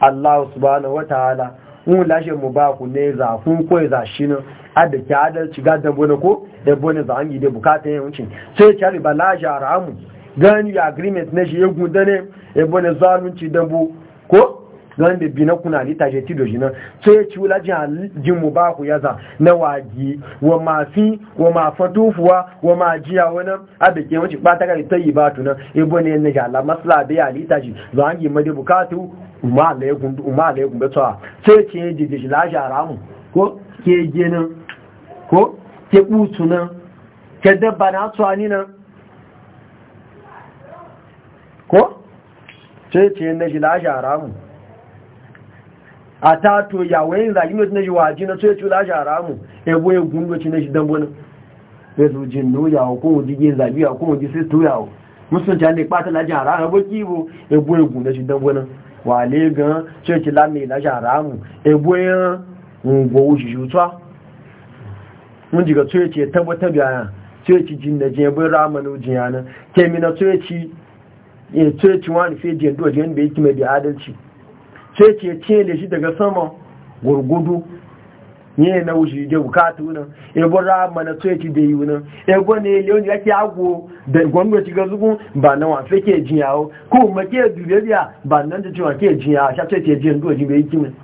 Allah subhanahu wa ta'ala mun lashe mu ba ku ne za ku ko za shi ne adda ki adalci ga da bone ko da bone za an yi da bukata yin wucin sai ki riba la jaramu gani agreement na shi ya ne e bone zalunci da bu ko gan da bi na kuna ni tashe tido shi nan sai ya ci wula jin mu ba ku yaza na waji wa mafi wa mafa tufuwa wa majiya wani abin ke wucin ba ta gari ta yi ba tunan ibo ne na jala masla da ya lita shi za a yi mada bukatu umma alaikun betuwa sai ke yi jijiji lashe haramun ko ke ginin ko ke ɓutu nan ke dabba na tuwani nan ko sai ce na ji lashe haramun a ta yawon yawayin zagi mai na ji waji na sai ce lashe haramun ebo ya gundoci na shi dambo nan ya zujin doyawa ko wajen zabi ya ko wajen sai toyawa musulunci ne ɓata lashe haramun ebo kibo ebo ya gundoci dambo nan wale gan ceci lami na sharamu ebo yan ngo wujuju twa mun diga ceci tabbatar da yan ceci jin da je bin ramanu jiyana kemi na ceci ya ceci wani fe je do je be kime da adalci ceci ya ce leshi daga sama gurgudu nye na wuce je bukatu nan e ra ma na tsoye ci da yi nan ebo ne leon oni ke agwo da gwamnati ga zugun ba na wafe ke jiyawo ko ma ke dubeliya ba nan da cewa ke jiyawo sha tsoye ke jiyan doji mai kimin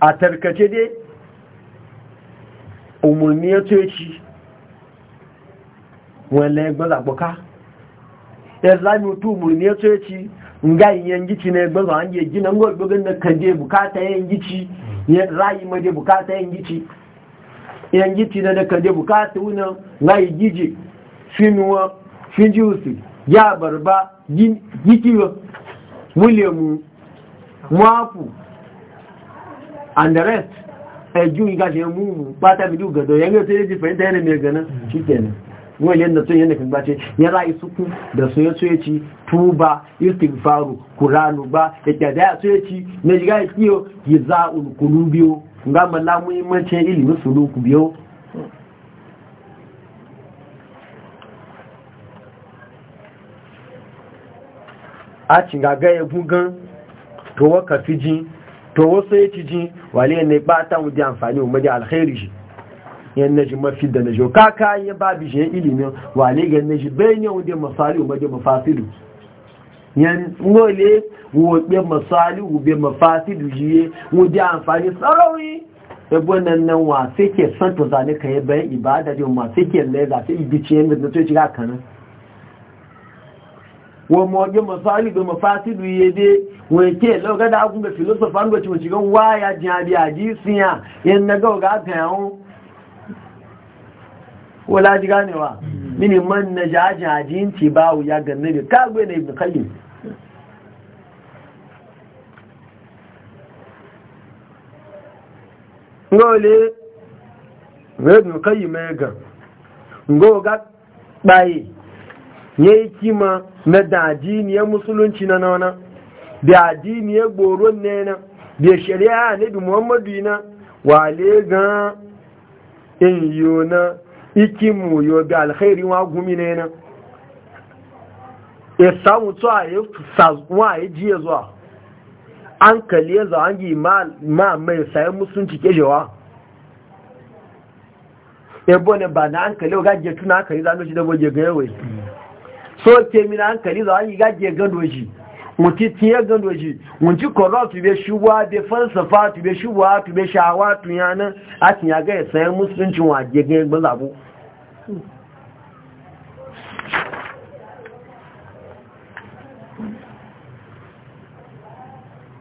a tarkace dai umarni ya tsoye ci wani lagos abuka ya e zami mutu umarni ya tsoye ci nga yangici ne ba an je gina ngol bugun da kaje bukata gici, ya rayi ma de bukata yangici yangici ne da kaje bukata una ngai Finwa, finji finjusi ya barba gikiyo william mwapu and the rest ẹjú e mu mú bidu gado gẹ̀dọ̀ yẹn ní ó tẹ́lẹ̀ ne me tẹ́lẹ̀ mẹ́gànnà ṣíkẹ̀ náà wani yadda tun yadda kan bace ya rayu suku da su ya soye ci tuba istighfaru kuranu ba da da ya soye ci na jiga ya kiyo yizaul biyo ga na muhimmancin ilimin suluku biyo a cingaga ya gugan to waka fi ji to wasu ya ci ji wale ne ba ta wuce amfani wa maji alkhairi shi yan naji mafi da naji ka kayan babu shi ilimin wale ga naji bayan yau da masali umar da mafasidu yan ngole wo be masali wo be mafasidu jiye wo da amfani sarawi ebo nan nan wa sike san to zane kan bayan ibada da ma sike le za ta ibici yan da to shiga kan wo mo ge masali be mafasidu yede weke lo ga da agun be philosopher an go ci go waya jabi ajisiya yan na go ga kan wala ji ganewa mini man na jajajin ci bawu ya da kagwe na ibn qayyim ngole ibn qayyim e ga ngoga bayi yayi kima na dajini ya musulunci na nana da adini ya goron ne na da shari'a bi muhammadu na wale ga in yi na ikimu yo bi alheri wa gumi ne na ya e samu to a yi sazuwa a, ji ya zuwa an kalli ya an yi ma mai sayan musulunci ke jewa ebo ne ba na an kalli ga je tuna aka yi shi da boje ga yawai so ke mi na an kalli zuwa an yi ga je gando shi mutu ya gando shi munci koro tu be shubuwa be falsafa tu be shubuwa tu be shawa tu yana a tinya ga ya sayan musulunci wa je ga ya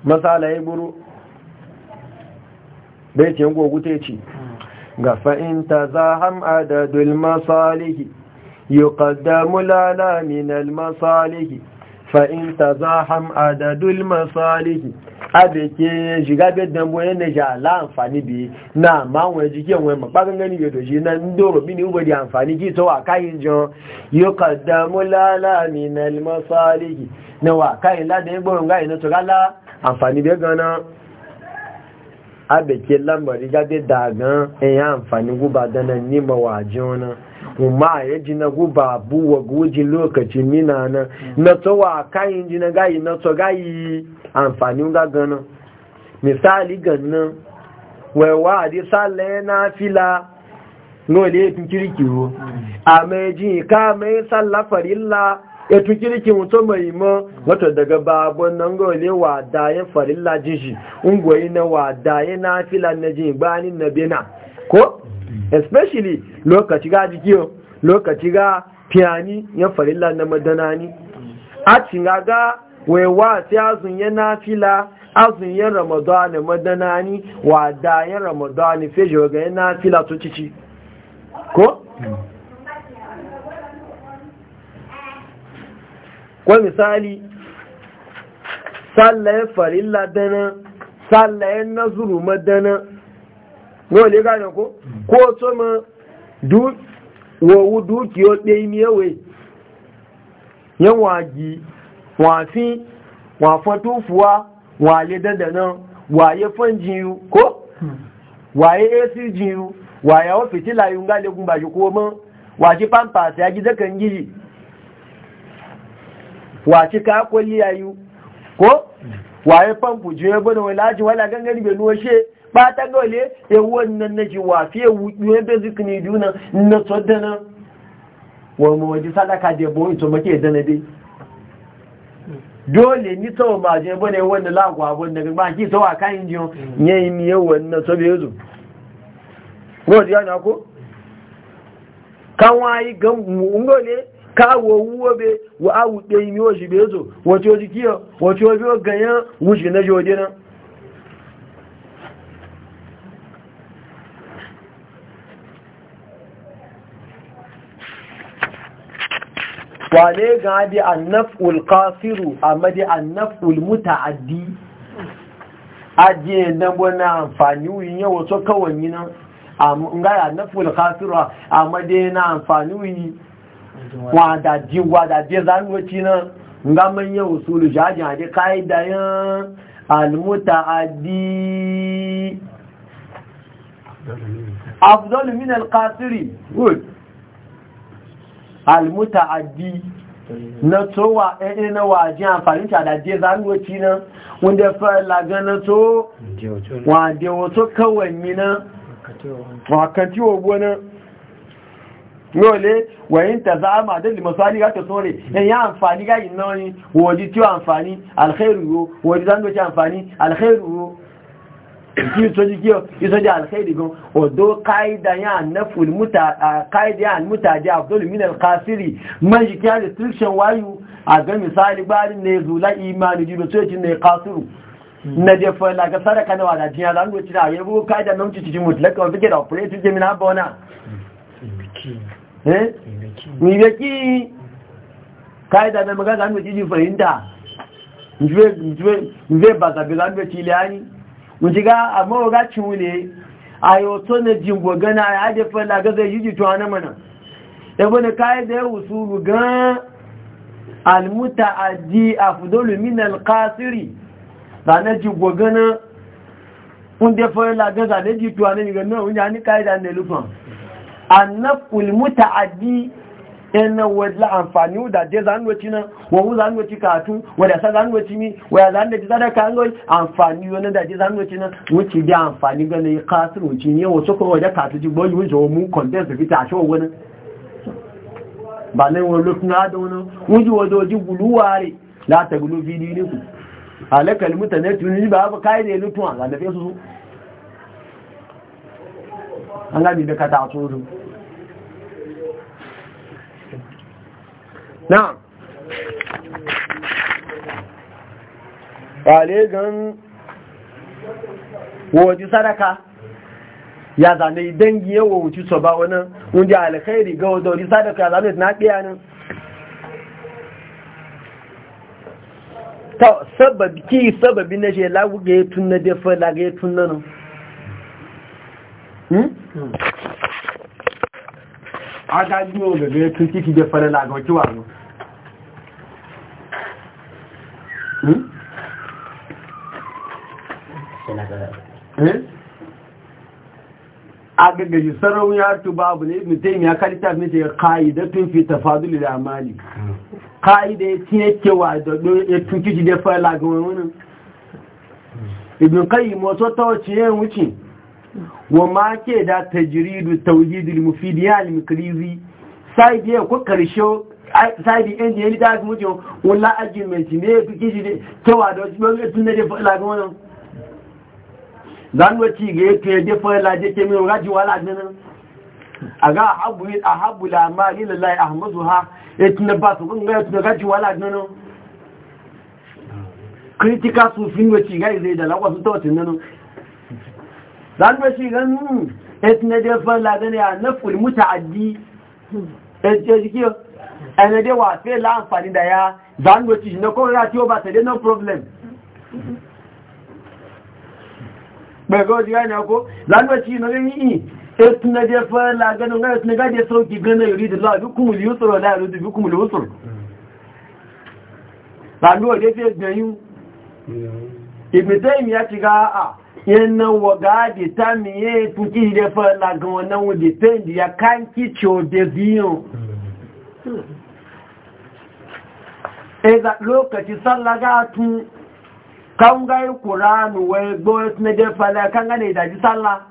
masala ya buru bai ce gogute ce ga fa'inta za ham adadul masalihi yi ƙaddamu lalaminal masalihi fa'in ta za ham adadul masalihi ke shiga bedan boye na ja ala amfani bi na ma won jiki won ma pa gangan ni do shi na ndoro bi ni ubo di amfani ki to wa kai jan yuqaddamu la la min al masalihi na wa kai la de gbo nga ina to gala amfani be gana abeke lambari ga de da gan e amfani guba dana ni ma wa jona kuma ya ji na guba buwa guji lokaci mina na mm. na tsawa kayan ji na gayi na tso gayi amfani ga ganin misali ganin wewa a di sale na fila nole ya tun kirkiro mm. a mai ji ka mai sallafari la ya e tun kirkin to mai ma mm. wato daga babon nan gole wa daye farilla jin shi ungoyi na wa daye na fila na jin gbani na bena ko especially lokaci ga jikiyo lokaci ga fiyani ya farilla na madanani a cin ga waiwa sai azun ya nafila azun ya ramadani madanani wa da ya ramadani fejo ga ya nafila to cici ko? kwa misali sallayen farilla dana sallayen nazuru madana wọ́n lè gánà kó kó tó mọ́ wọ̀wú dúkì ó pé imi ẹwẹ́ yẹn wa àjì wọ́n àfin wọ́n àfọn tó fúwa wọ́n àlè dandan náà wọ́n àyè ye jìnyú kó wọ́n wa ac jìnyú wọ́n àyàwó fìtílà yìí ń gálẹ̀ gùn bàjẹ́ kó mọ́ wọ́n àti pampers ajídẹ́kàn ji wọ́n àti káàkó lé ayú kó wọ́n àyè pọ́ǹpù jù ẹgbẹ́ náà wọ́n láti wọ́n lágangẹ́ níbẹ̀ ní wọ́n ṣe é bata gole ya e wannan na ji wafi ya wuɗi ya bezu kini duna na tsoddana wani mawaji sadaka da yabo ito ya dana dai dole ni tsawo ma je bane wannan lagwa abun daga ba ki tsawa kan injiyo yayi mi yau e wannan sobe yazo godi yana ko kan wayi gan ngole kawo wuwa be wa awu dai yi wo shi be yazo wato jikiyo wato jo ganyan wushi na jode nan wane ga di annaf'ul qasiru amma di annaf'ul muta'addi ajiye dan bona amfani wuyin yawon so nan, yin nga ya annaf'ul kafiru amma di na amfani wuyin wa da ji wa da ji zan na nga man yawo sulu jaji a kaida yan al muta'addi afdalu min al qasiri almuta'addi na towa ɗaya eh, eh, na waje amfani ta da je zanuwaci nan wanda fara laga na to wade wato kawanni na wakanti ogbo yole wayin ta za a madalli masuwali ga ta sore hmm. yan ya amfani ga yi nani wani tiwa amfani alkhairu yo waje amfani alkhairu yo ki to ji kiyo iso ji alkhairi gon odo qaida ya naful muta qaida ya mutaji afdol min alqasiri man ji kiya restriction wayu a ga misali bari ne zula imani ji do cin ne qasiru na je fa la ga saraka na wada jiya zan go cin ayo qaida nan ci ci mutlaka wa fike da operator je mina bona eh ni beki qaida na maga zan go ci fahimta ni je ni je ni je ba ga zan go wujiga amma waga ne a yoto na jingo gana a yaje falla ga zai yiji tuwa na mana yabo na kayi da ya wusu gan almuta aji a fudolu min kasiri ba na jingo gana kunde falla ga zai yiji tuwa na mi ganin wunja ni kayi da na lufan annaf ulmuta aji ina wadda amfani da je zanwaci nan wawu zanwaci katun wadda sa zanwaci mi wadda zanwaci sadaka an gori amfani wani da je zanwaci nan wuce da amfani gane ya kasar wuce ne wasu kuma wadda katun ji gbogbo wuce wa mun kwantar fita a shi wani ba nan wani lokacin hada wani wuce wadda wajen guluwa ne la ta gulu fili ne ku alakal mutane tuni ba ba kai ne lutuwa ga da fesu su an gani da kata a tsoro na'am ƙwale gan wajen sadaka ya zane dangi yawa wuce so ba wani wunde alkhairi ga wadda sadaka ya zane na ɗaya nan sababi ki sababi na shi laguga ya tun na defa laga ya tun na adájú ògẹ̀gẹ̀ tún kí kígbe fẹ́lẹ̀ lágbọn kí wà ní agagẹ̀ yìí sọ́rọ̀ ya tuba abu ne ibn taimiyya kalita fi ce ka'ida tun fi tafadulu da amali ka'ida ya tiye kewa da ya tun kiki da fara lagawa wani ibn kayi motsa ta wace yin wuce wa ma ke da tajridu tawhidul mufid ya al mukrizi sai dai ku karshe sai di en ne da su mujo wala argument ne ku fiki e ji cewa da wasu tun da fa ga wannan dan wati ga yake da fa la je ke mi raji wala nan aga ahabu ahabu la ma lillahi e ahmaduha itna e ba su kun ga su tun raji wala nan critical su fin wati ga zai da lawa su tawatin nan zan ba shi gan hmm, etne de fala gane ya naful mutaaddi etje dikiyo ene de wa fe la anfani da ya zan ba shi ne ko ra ti o ba tele no problem be go ji na ko zan ba shi na ni yi etne da fa la ga etne ga de sauki gane da la bikumul yusra la yuridu li usra zan do de fe yu. Mm. ibn ya ci ga a ah, yana waga da ta miye tuki da fara ga wannan ta ya kan kicho da biyu lokaci sallaga tun kan kuranu wai na da kan gane daji salla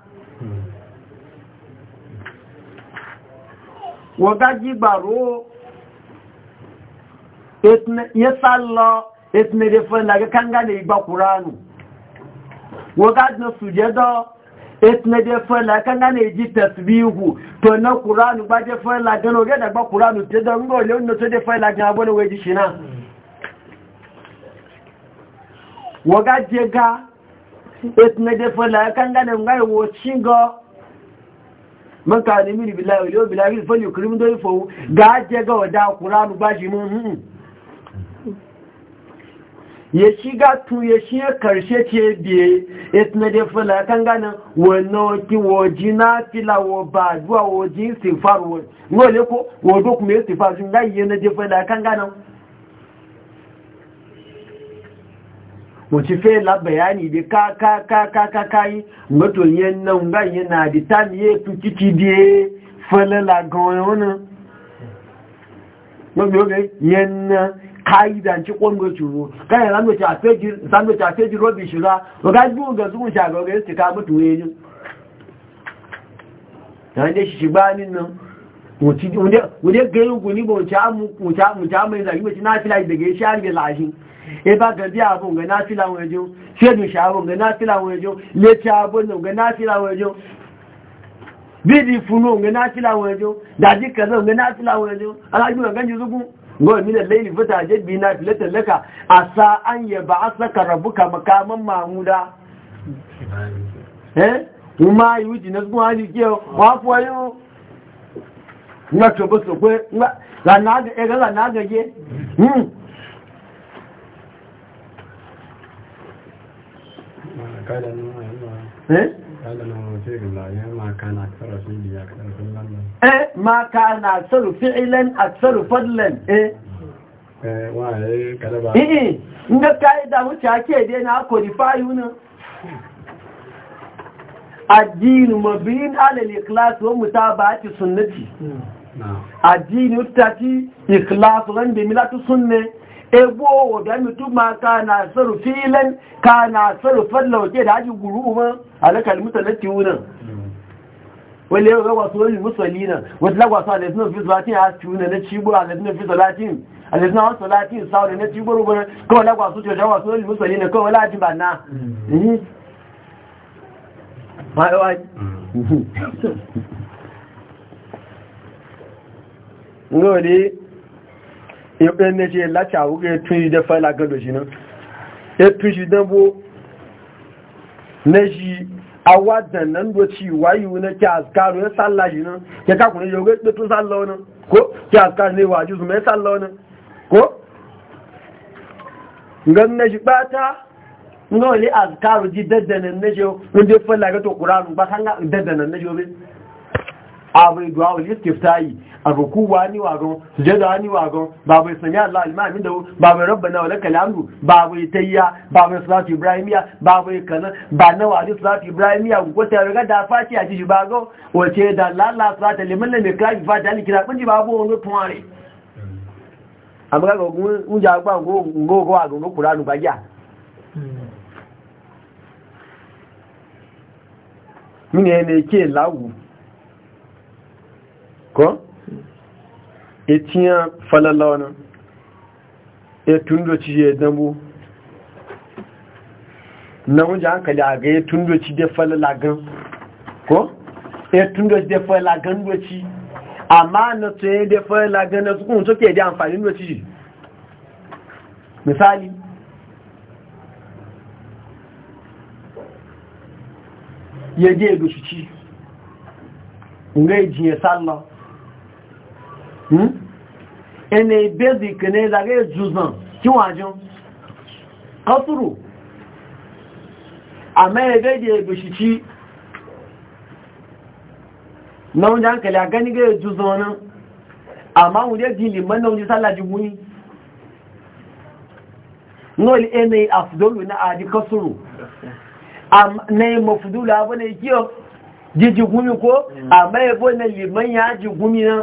waga ya salla ya tunade fara wakadin sujada etna je kan na ne tasbihu to na qur'anu ba je fela gano ga da gba qur'anu te da ngo le no to je fela ga bo ne shina waga je ga etna kan ga ngai wo chingo man ka ni min billahi wa billahi fal yukrim do fo ga je ga wada ba ji mun hmm. ya shiga tu shi ya karshe ce biye ya tuna da fula kan ganin wani waki waji na fila wa ba zuwa waji istifar wani ko wado kuma ya istifar shi ga yi na da fula kan ganin wace fela bayani da ka ka ka ka ka ka yi mutum yin nan gan yana da ta miye tukici biye falala ga wani wani ka'idanci ƙwangon ciro kayan zandoci a feji robin shiga ba ga biyu ga zuwan shagagayen su ka mutu ne ne ta ne shi shibanin nan wunde gayin guni ba wuce amai zagi mace na fila daga ya shari da lashin e ba ga biya abun ga na fila wajen shedun shi abun ga na fila wajen leci abun nan ga na fila wajen bidi funo ga na fila wajen daji kaza ga na fila wajen alaƙi ga ganji zugun gowa mina laili fata jabbi na filatan laka a sa an ya ba a saka rabuka makaman mamuda eh kuma yi wuce na hali wafuwa yi nga cobo sokwe nga lanaga ega lanaga ye hmm eh eh ma ka na saru fi'ilan aksaru fadlan eh eh inda eh, eh, eh, kaida wuce ake dai na kodify yuna addini mabiyin alal ikhlas wa mutaba'ati sunnati hmm. addini utati ikhlas ran bi milatu sunne ebo wa da mutu ma ka kana saru filan kana saru fadlan ke da haji guru ma alakal mutalati wunan wani yau zagwa su wani musulmi nan wasu lagwa su alisuna fi salatin a cikin na cibiyar alisuna fi salatin alisuna wasu salatin na cibiyar rubar kawai lagwa su cewa wasu wani musulmi nan kawai lajin ba na mm. eh. mm. ngode ibn ne ce lati awuge tun yi da fala gado shi nan e tun shi dan bo na shi awa dannan doci wayu na ki askaru ya salla shi nan ya kaku yau gaɗe tun salla ko ki askaru ne waju su mai salla wani ko ngan na shi bata ngan wani askaru ji daddanan na shi wanda ya falla ga to kuranu ba kan abai duwa wa istiftayi arruku wa ni wagon sujada ni wagon babu sami Allah almami da babu rabbana wa lakal hamdu babu tayya babu salatu ibrahimiya babu kana ba na wa salatu ibrahimiya ko ta riga da fati a ji bago wace da lalla salatu liman ne kai fati ali kira kun ji babu wani tuware amma ga gun un ja gba go go go agun go qur'anu bagia mine ne ke lawo. ko etiyan falalla e tundo ci je dambu na wunji hankali a ga etun doci da falalla gan ko e etun doci da falalla gan ci amma na tsaye da falalla gan na sukun soke da amfani ci misali ye je ci ngai jiye sallah ẹni hmm? basic ní ìdàgé jùzàn kí wọ́n jùn kọ́sùrù àmẹ́rẹ̀gẹ́ di ẹgbẹ̀ṣìṣí na wọ́n jẹ́ kẹlẹ̀ agẹ́nigẹ́ jùzàn náà àmá di lèmọ́ náà jẹ́ sálàjú mú na jíjì gúnmi kó àmẹ́ ẹbọ́ na lèmọ́ yá jì náà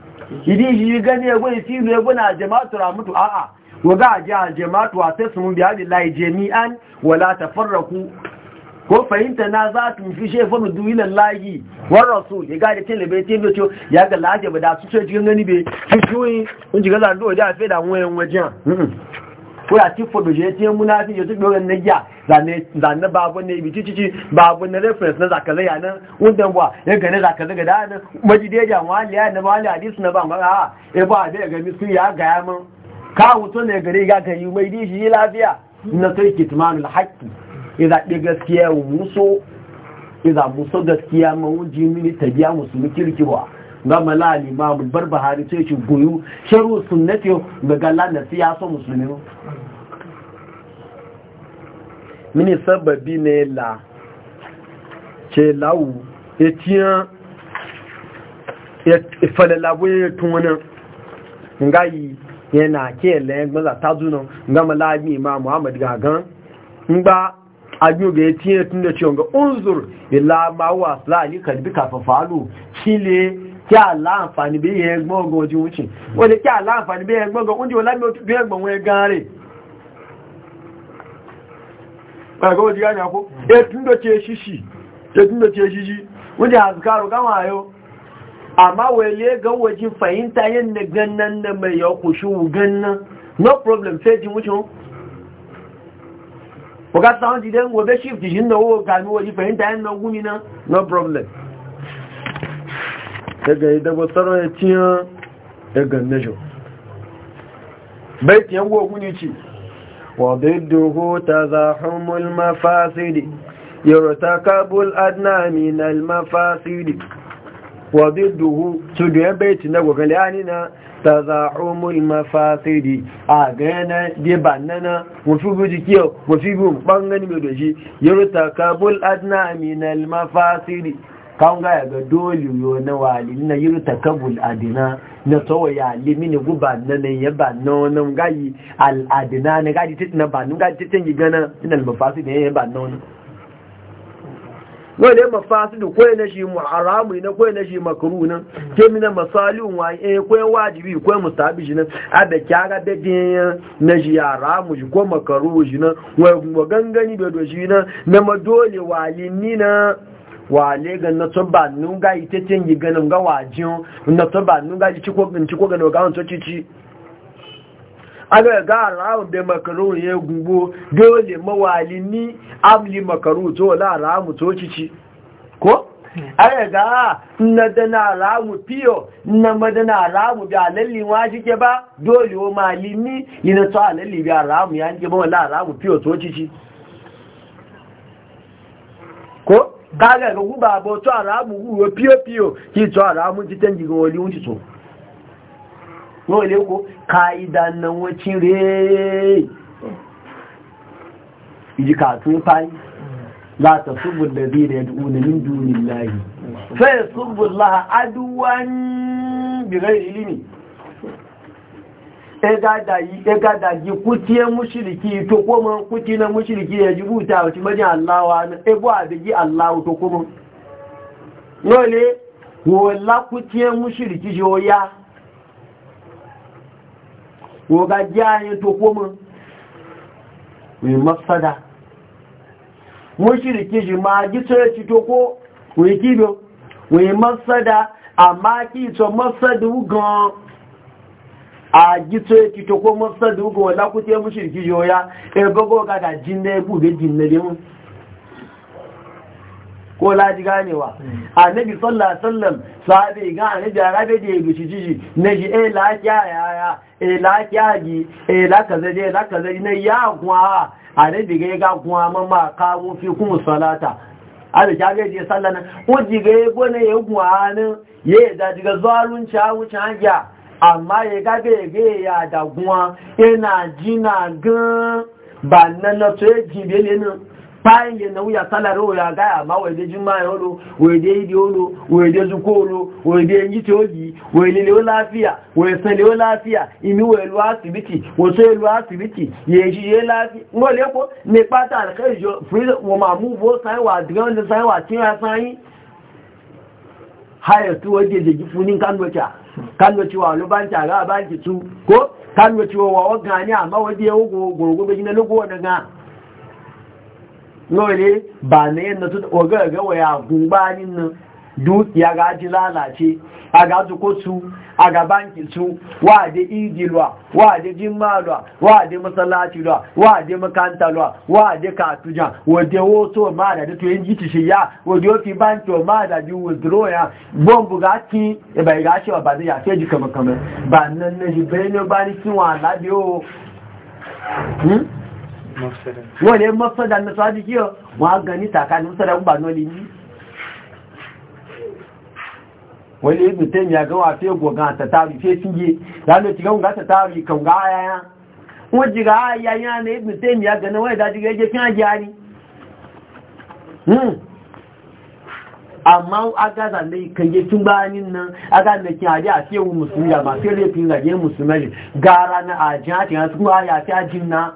idi yi gani ya gwai fi ne guna jama'atu ramutu a'a wa ga a jama'atu a sai sun biya bi lai jami'an wala ta farraku ko fahimta na za tu fi fa mu duwilan layi war rasul ya ga da tilbe tilbe to ya ga laje ba da su ce cikin gani be shi shi kun ji ga da do da fe da wayan wajen ko ti fodo je ti fi yo ti do na ya zane zane babu ne bi ti ti babu na reference na zakaza ya na. undan ba ya ga ne zakaza ga da nan majide ja wali ya na wali hadis na ba ha e ba da ga misu ya ga ya mun ka wuto ne gare ga ga yi mai di shi lafiya na sai kitmanul haqqi idan ɗi gaskiya muso idan so gaskiya ji mini tabiya musulmi kirki ba gama malali ma bar bahari sai ce goyo shiru sunnati ga galan na siyasa musulmi mini sababi ne la ce lawu ya tiya ya e falalabu ya tunan ngayi yana ke layan gbaza ta zuna ga malami ma muhammad gagan ngba ajo ga ya tiya tun da ciwon ga unzur ila e ma wasu bi kalbi kafa falo chile kí àlá àǹfààní bí i ẹgbọ́n ogun ojú wúchì wọ́n lè kí àlá bí i ẹgbọ́n ogun ojú olámi ojú ẹgbọ̀n wọn ẹgbọ́n rẹ̀ ẹgbọ́n ojú yáni àkó ẹtúndọ̀tí eṣíṣì ẹtúndọ̀tí eṣíṣì wọ́n no problem wọ́n ká no problem daga yi daga tsarar ya ciyan daga bai baiti yan gogu ne ce wa bidduhu ta hamul mafasidi yurtakabul kabul adnami na mafasidi wa duhu su da ya baiti na gogali anina ta za hamul mafasidi a gana da banana wafi bu jikiyar wafi bu bangani mai doji yurtakabul kabul adnami na mafasidi kan ga ga dole yo na wali na yiru takabul adina na to ya limini guba na ne ya ba no nan gayi al adina ne gayi tit na ba nun gayi titin gi gana ina al mafasi ne ya ba no nan wale mafasi da koyi na shi muharamu na koyi na shi makru nan ke mina masali wa eh koyi wajibi koyi mustabi shi nan abe kyaga be din na shi haramu shi ko makru shi nan wa gangani be do shi nan na madole wali ni na wale ga na to ba nun ga ite tengi ga nun ga wajin na to ba nun ga ji ci ko ga to aga ga be makaru ye gumbo dole mawali ni amli makaru to la ramu to ci ko hmm. aga ga na dana ramu piyo na madana ramu bi alalli wa ke ba dole o mali ni na to alalli bi ramu ya ke ba la piyo to ci ko gaga ga guba bo to arabu guwe pio pio ki to arabu ti tanji go li unti so no le na wacin iji ka tun pai la ta da zira ya duuna min dunillahi fa yasubbu aduwan bi ghairi ilimi. egada ji kutiyar mushiriki to kuma kuti na mushiriki ya ji buta wacce majin allawa na ebo abigi allahu to kuma nole wola kutiyar mushiriki ji oya woga jayen to kuma mai mafsada mushiriki ji ma ji tsoyaci to ko wai kibiyo wai mafsada amma ki tso mafsadu gan a gito ya fito ko mafsa da hukun wala ku ce mushi joya ya e gogo hmm. ga da jin na ya buɗe jin na biyu ko laji ganewa a nabi sallallahu alaihi wasallam sahabe ga a da rabe da ya shi jiji na ji "Ee la ya ya ya e la ya ji eh la kaza je la kaza ne ya a nabi ga ga kuwa mamma ka mu fi kuma salata ala ja ga je sallana uji e ga yebo ne ya e kuwa ne ya da diga zalunci a wuce hanya amma ya gabe gabe ya daguwa yana jina gan ba nan na to ya jibe ne nan bayan ya na wuya talaro ya ga amma wede jimma ya olo wede idi olo wede zuko olo wede yanyi ti oyi wede lewo lafiya wede san lewo lafiya imi wo elu asibiti wo so elu asibiti ye ji ye lafiya ngo le ko ne pata alkhair jo freedom wo ma move wo sai wa dran sai wa tin asan yin haya tu waje da gifunin kanwacha kanwaci wa lubanta ga banki tu ko kanwaci wa wagani amma waje ya wugo gurgube gina lugo daga nole ba ne yanda tu waga ga waya gumbanin nan dukiya ga ji lalace a ga zuko su a ga banki su wa da ijilwa wa da jimmalwa wa da masallaciwa wa da makantalwa wa da katuja wa da woto ma da da tuyen ji tishiya wa da banki ma da ji withdraw ya bon bugati e bai ga shi ba da ya ji kama kama ba nan na ji bai ne ba ni kin wa labiyo wọ́n lè mọ́sọ́dá ní sọ́dí kí ọ wọ́n á gan ní wani ibn taymiya ga wa sai goga ta tawi sai tinje dan da tigan ga ta tawi a ga Wani waji ga yaya ne ibn taymiya ga wai da diga je kan a hmm amma aga da ne kan je tun bayanin nan aga da kin aje a sai wu musulmi ba sai da kin ga je musulmi gara na aja ta su aya ajin na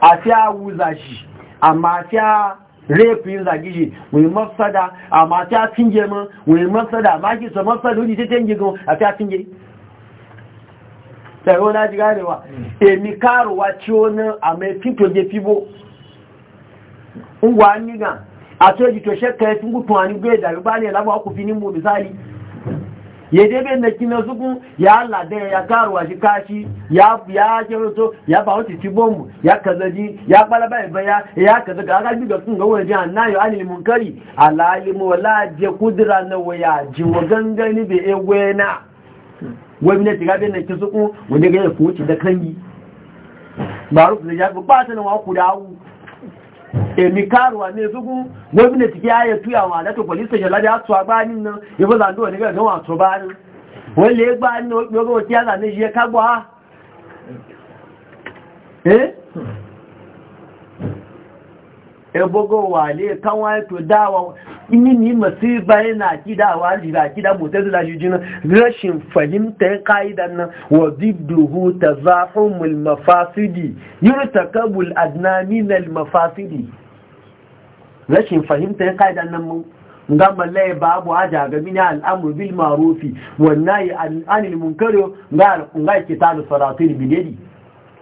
a a wuza shi amma ta refin zagiji wai mafsada amma ta finge mun wai mafsada ma ki so mafsada ni tete ngi a ta finge sai ne wa a fito je fibo ngwa ni a to to shekka e tungu to ani gbe da ne ku fini mu misali ya debe na kina suku ya lade ya karuwa shi kashi ya ya kiroto ya ba wuce ci bombu ya kazaji ya balaba ba ya ya kaza ga ga diga sun ga wani jihan nayo anil munkari alalimu wala je kudra na waya ji wa gangani be egwe Wani ne ga bai na ki suku wani ga ya fuci da kangi baruf da ya ba ta na wa kudawu èmi káàrùwà ní ẹ̀sùgún gómìnà ti kí ayẹ tú àwọn àdẹ́tò pẹ̀lú ìsẹ̀jẹ̀ tó agbá nínú ìfọ́sàndó nígbẹ̀ tó tó bá ní wọ́n lè gbá ní ọgbọ́n tí a ní iye kágbọ́ na kidawa jira da rashin fahimtar ka'idan nan wa zidduhu ta zafin mulmafasidi yi ta kabul na mafasidi rashin fahimtar kaida nan mun gama lai babu a ga mini al'amur bil marufi wannan yi anil munkari ga yake ta da saratun bidedi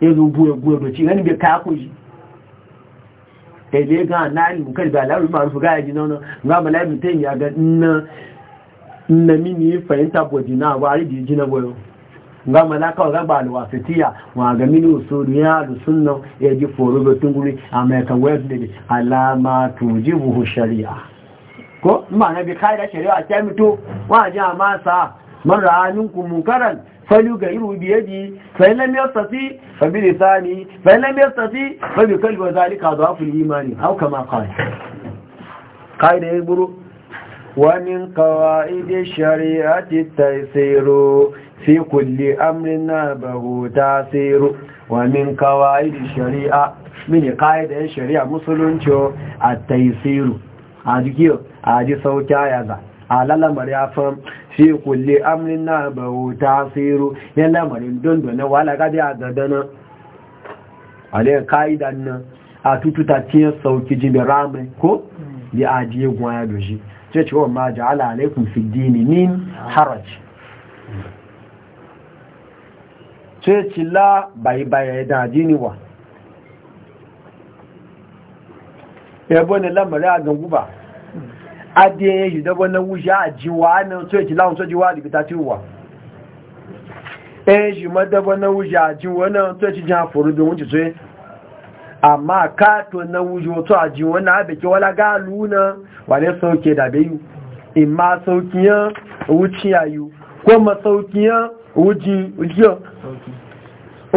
ya zo ya guwa doci gani bai kaya kuji ele ga na anil munkari ga al'amur marufi ga yaji nan gama lai mutum ya ga nna mini fahimta bojina ba a ji na goyon nga malaka ba alwasitiya wa ga mini usuriya da sunnan ya foro ga tunguri america west da alama tujibu shari'a ko ma na bi kaida shari'a ta mito wa masa amasa man ra'aninku munkaran falu ga iru biyadi fa lam yastati fa bi lisani fa lam yastati fa bi kalbi wa zalika dhafu al-imani aw kama qala kaida ya buru ومن قواعد الشريعة التيسير fi kulle amrin na bahu wa min kawaidi shari'a mini kaidan musulunci a taisiru a jikiyo a ji sauka ya za a lalamar ya fam fi kulle amrin na bahu ya lamarin dundun wala gadi a zardana a liyan kaidan nan a tututa cikin sauki jibin ramai ko ya ajiye gwaya doshi cewa ma ja'ala alaikum fi dini min haraji sai ci la bai baya da adini wa yabo lamari a ganguba adiye ya shi dabo na wuce a jiwa nan sai ci lahun sai jiwa da tatiwa ɗaya shi madaba na wuce a jiwa nan sai ci jan furu bin wuce sai amma kato na wuce wato a jiwa na abeke wala galu na wane sauke da bayu in ma saukiyan wuciyayu ko masaukiyan wujiyar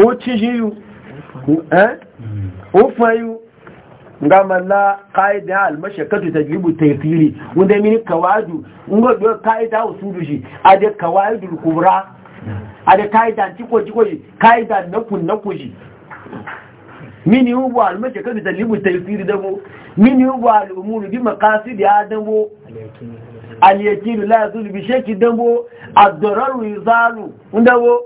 ó tíjú ó fayu ga malla ka'ida al-mashaqqatu tajlibu tayfiri wanda mini kawadu ngo do ka'ida usulu shi ade kawaidul kubra ade ka'ida tiko tiko ka'ida nakun nakuji mini huwa al-mashaqqatu tajlibu tayfiri dabo dabo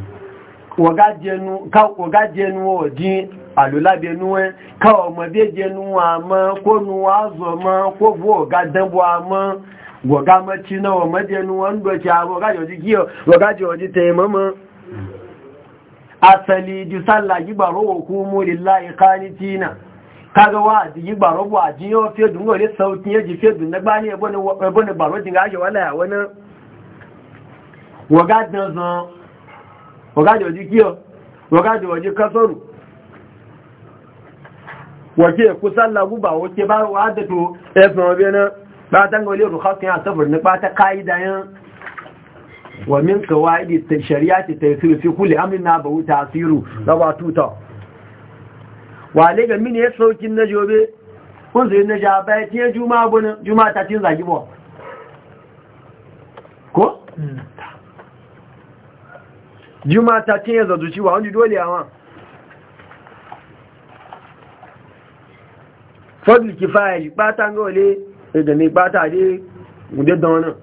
wọ̀gá jẹnu ọ̀dín àlòlábẹnú ẹ káwọ̀ ọmọdé jẹnu àmọ́ kónú àzọ̀ mọ́ kó bú ọ̀gá dẹ́bọ̀ àmọ́ wọ̀gá mọ́tí náà ọmọdénu wọn dọ̀kí àwọn wọ̀gá jọ̀ọ́dí asali wa yi baro bu na baro wani dan zan wọ́gájọ̀ ojú kí waje wọ́gájọ̀ ojú kásọ̀rù wọ́kí ẹ̀kú sálà gúbà ó ké bá wà dẹ̀tò ẹ̀sùn ọbẹ̀ náà pátán gọlé rùkásùn ba ta pátá káyídá fi na tuta. Wa ga min ya sauki na jobe kun zai na ya tiye juma'a ta cin zagi ko? Hmm. juma ta cinye ya zazu ciwa wani dole yawa fadl kifaya shi bata ga wale e da ne bata dai gude da wani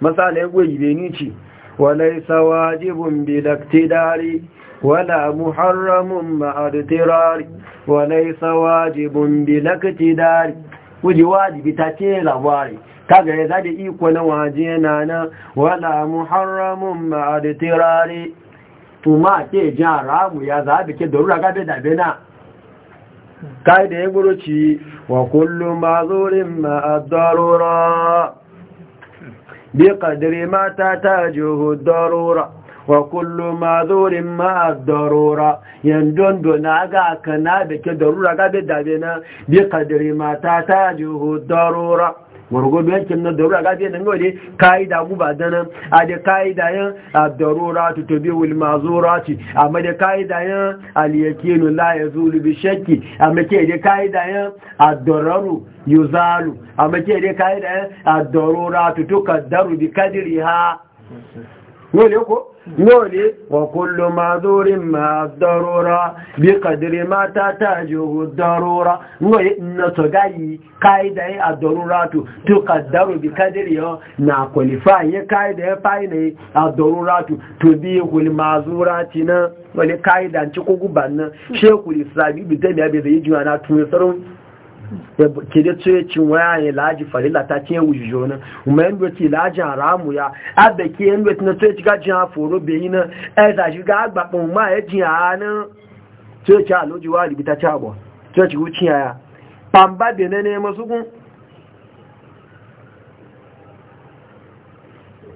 matsala ya goyi beni ci. walai sawajibun bilaktidari wala muharramun ma'adutirari walai sawajibun bilaktidari wuji wajibi ta ce labari kaga ya zaɗi iko na waje na nan wala muharramun ma'aditirare tuma ke jan ramu ya zaɓi ke da rura gabe dabe na kai da ya buruci wa kullum ma darura bi kadiri mata ta juhu darura وكل معذور ma الضرورة يندون دون أغا كنا بك ضرورة قد دابنا بقدر ما تحتاجه الضرورة wargodo dabe na darura gafi yanar nan wani ka'ida mu ba danan a da ka'ida a darura ta tobe wilmazura ce amma da ka'ida yin aliyakinu la ya zulu bi shakki amma ke da ka'ida yan abdararu yuzalu amma ke da ka'ida a darura ta daru bi kadiri ha nole ko nole wa kullu ma'dhurin ma darura bi kadiri ma tatajuhu darura nole yi to gayi kaida ya tu to qaddaru bi kadiri ya na qualify ya kaida ya fai ne a tu to bi kul ma'zurati na wani kaida ci ko guban nan shekul islami bi tabiya bai yi jiwa na tun Kede da tsoye cin waya ne laji farila ta ce wujujo na kuma yan doki laji haramu ya abda ke yan doki na tsoye cika jin haforo beyi na ɗaya ta shi ga agbaɓin ma ya jin a nan tsoye ci aloji wa ribita ci abuwa tsoye ci wuci yaya pamba da na nema su kun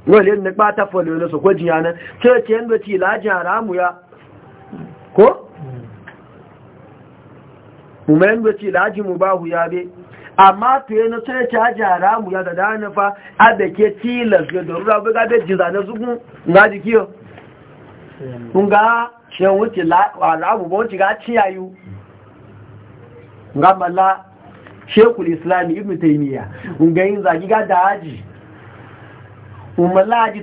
wale na ɓata falo na so ko ji jin yana tsoye ci yan doki laji haramu ya ko mumayin da ce laji mu bahu ya be amma to yana sai ta jara mu ya da dana fa a da ke tilas ga darura ba ga da jiza na zugun ga jiki yo kun ga shi wuce la arabu ba wuce ga ciyayu ga mala shekul islam ibn taymiya kun ga yin zagi ga da haji umma la haji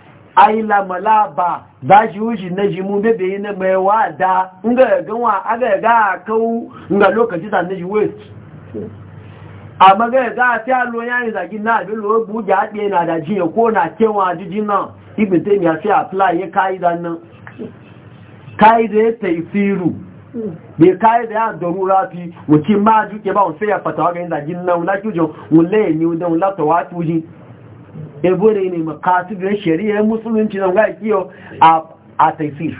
aila malaba za shi wuce na mu bebe yi na mai wada nga ganwa aga ga a kawo nga lokaci za na ji west a ga a lo ya yi na abin lo bu ya haɗe na da jiya ko na kewa jiji na ibin ta ya fi apply ya kayi da nan kayi da ya taifiru bai kayi da ya doru rafi wuce ma juke ba yin zagi na wula ebo ne ne makasudin shari'ar musulunci na ga kiyo a taifir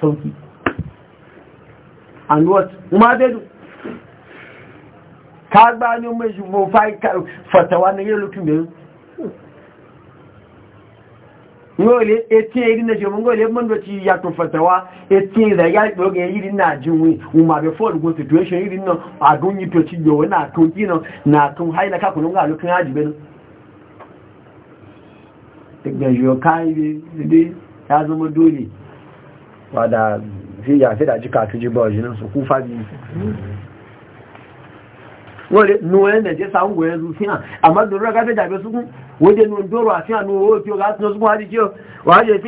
sauki and what ma dedu ka gba ni o meji mo fa fatawa na yelo tun ngole etie iri na jomo ngole mondo ti ya to fatawa etie da ya to ge iri na jinwi uma be for go situation iri no adun yi to ti yo na to kino na to haila wọ́n nuwẹ́ nẹ̀jẹ́ sáwọ́gbọ̀ ẹ̀rù fi hàn àmá dùn rẹ̀ gáfẹ́ súnkún wọ́n jẹ́ nùn dọ́rọ̀ àti àánú owó tí ó gá tí ó súnkún àti àfíà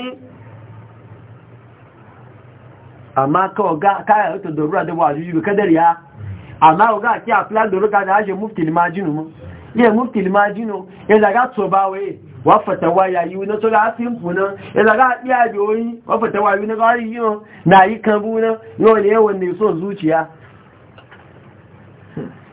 dọ̀rọ̀ wọ́n fẹ̀tẹ̀wà yàyí wọn tó láá sí ń fún náà ẹ̀dàgá àti àjò oyin wọ́n fẹ̀tẹ̀wà yìí wọn náà yìí kan bú náà náà ni ẹ̀wọ̀n ní sọ zuciya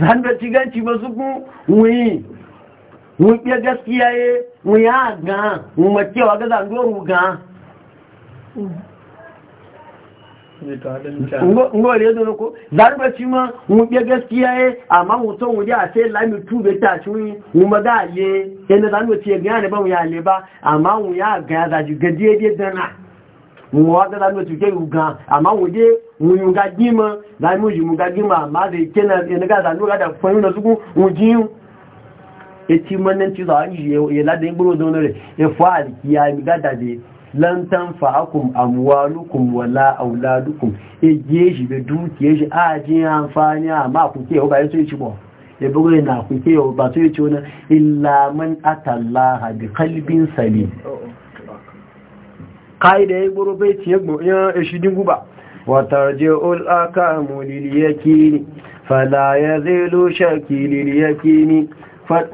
zanda ganci ba su ku wuyi wuƙe gaskiya ye wuya ga makewa ga zandoru ga ngore ya zonoko zarba ci ma wuƙe gaskiya ye amma mutum wuje a sai lami tube ta ci wuyi wuma ga ale yadda ci ya gane ba ya ale ba amma wuya ga ya zaji gajiyar dana ma dára ló ti kéyù gan àmá wọ́n dé wùnyùnga gímọ̀ láìmú ìjìmùnga gímọ̀ àmá rẹ̀ kéna ẹnigàdà ló rádà fún ẹ̀rùn lọ́sùkú wọ́n jíyùn etí mọ́nà tí ó yẹ ládé gbóró dán rẹ̀ ẹ̀fọ́ àríkíyà ẹnigàdà dé lantan fa'akun amwalukum wala auladukum eje shi be dukiye shi ajin amfani amma ku ke ba yaso shi ba e bugo na ku ke ba to yace wannan illa man atallaha bi qalbin salim ƙa'ida ya gboro bai ciye ya ishi dingu ba wata je ul'aka mulil yake ni fada ya zelo shakilil yake ni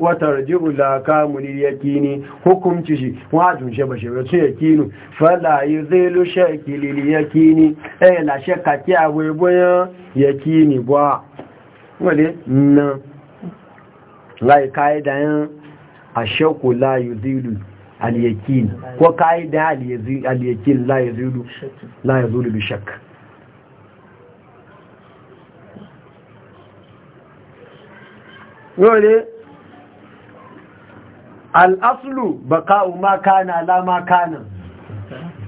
wata je ul'aka mulil yake ni hukunci shi wajen shabashabashin yake ni fada ya zelo shakilil yake ni ɗaya na shakaki a gwaibuwa yake ni ba wale nan lai ƙa'ida yin a shakula yuzilu aliyakin ko kayi da aliyakin la ya zulu bi shak yole al'aslu ba ka'u ma kana ma kana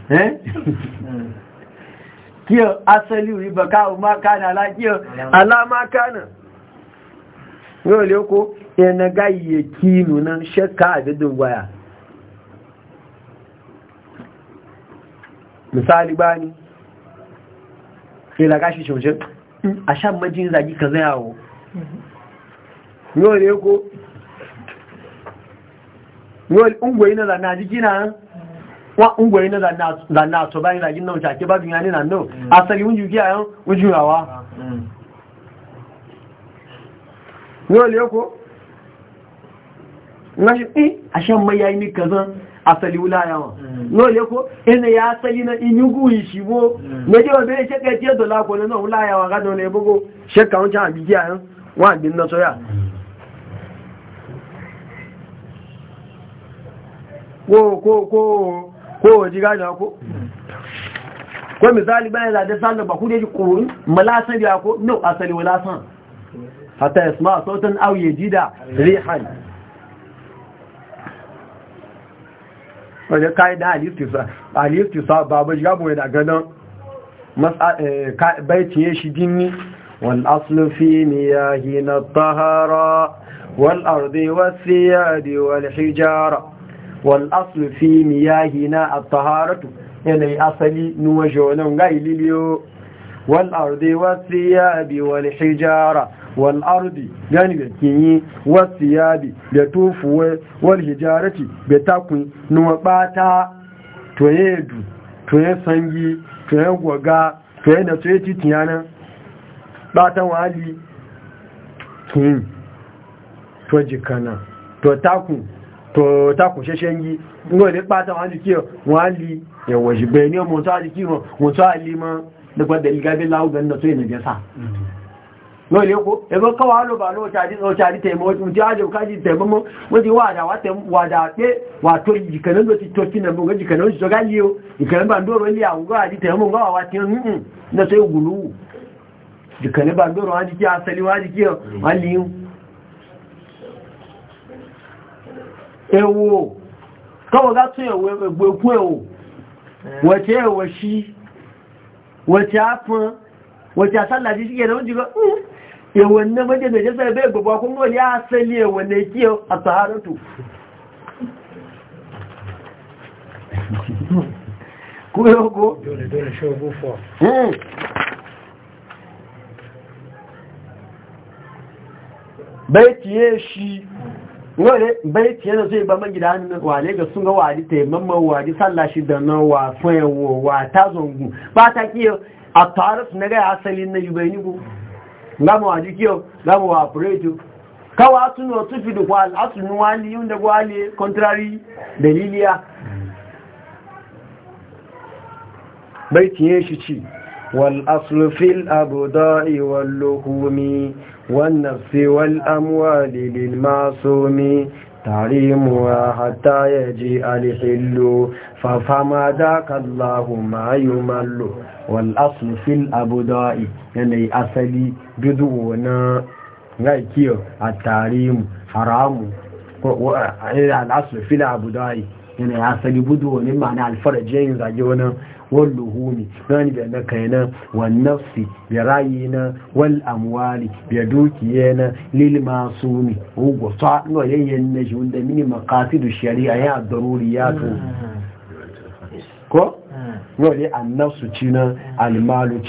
eh kiyo asali ba ka'u ma kana la kiyo alama kana yole ko ina yana gayyaki nunan shakka abin waya misali bani sai da gashi shaushin hmm, a shan majin zagi ka zai hawo yau ne ko yau ungwayi na zana jiki na wa ungwayi na zana to bayan zagin nan take ba duniya ne hmm. na nan asali mun juki a yan ujuyawa hmm. yau ne ko ngashin eh a shan mai yayi ni kazan asali wulayawa no ye ko ina ya asali na inyugu ishibo mm. na jiwa bai shakka tiye da lako na wulayawa ga dole bugo shakka wancan abiki a an, wa bin na soya ko mm. ko ko ko ji gaja ko mm. ko misali bayan zade sallar ba ku da ji kurun malasan biya ko no asali wulasan hatta yasma sautan aw yajida rihan wajen kayi da halittu sa ba ba shiga mai daga nan bai ciye shi dini wal asulufi ne ya hina tahara wani arzai wasu ya di wani hijara wani asulufi ne ya hina a taharatu yanayi asali nuwa shi wa nan ga ililiyo والأرض والثياب والحجارة والأرض يعني بكيني والثياب بتوفو والحجارة بتاكوين نوباتا تويدو توي سنجي توي غوغا توي دا توي تيتيانا باتا والي كين توجكنا to taku to taku sheshengi ngo le pata wan dikio wan li ya wajibe ni mo ta dikio mo ta li mo da kwanda ilgabe lawugan na so yana jasa no ile ko ebe kawa lo ba lo chaji so aji te mo ti aje ka ji te mo mo ti wada wa te wada pe wa to ji kan lo ti to ti na mo ji kan lo so ga liyo ikan ba ndoro ile awu ga ji te mo ga wa ti mm na so gulu ji kan ba ndoro wa ji ki asali wa ji ki wa liyo ewo kawa ga tun ewo egbo eku ewo wace ewo shi wacce hafin wacce sallah ji shige da wani jiga hmm. ya wannan mace da jasa bai gbogbo kun wani asali ya na kiyo a saharatu kuma yau ko? dole dole shi gufo hmm. bai tiye shi wale bai yana na zai ba magida hannun wale ga sun ga wari mamman wari sallashi da na wa fayawo wa ta zongu ba ta kiyo a tarif na gaya asalin na yubai nigo gama wa jikiyo gama wa operator kawo asunu wa tufi da kwal asunu wali yun da kontrari contrary liliya. bai yin shi ci wal aslu abu da'i wal lukumi والنفس والأموال للمعصوم تعليمها حتى يجيء لحل ففهم ذاك الله ما يمل والأصل في الأبداء يعني أصلي بدون غيكيو نعم، التعليم حرام الأصل في الأبداء يعني أصلي بدون معنى الفرجين ينزعجون يعني wal luhumi nani bi na kaina wan nafsi bi rayina wal amwali bi dukiyena lil masumi ugo sa no yayin ne junda mini maqasidu shari'a ya daruriyatu hmm. ko hmm. no le an nafsu cina al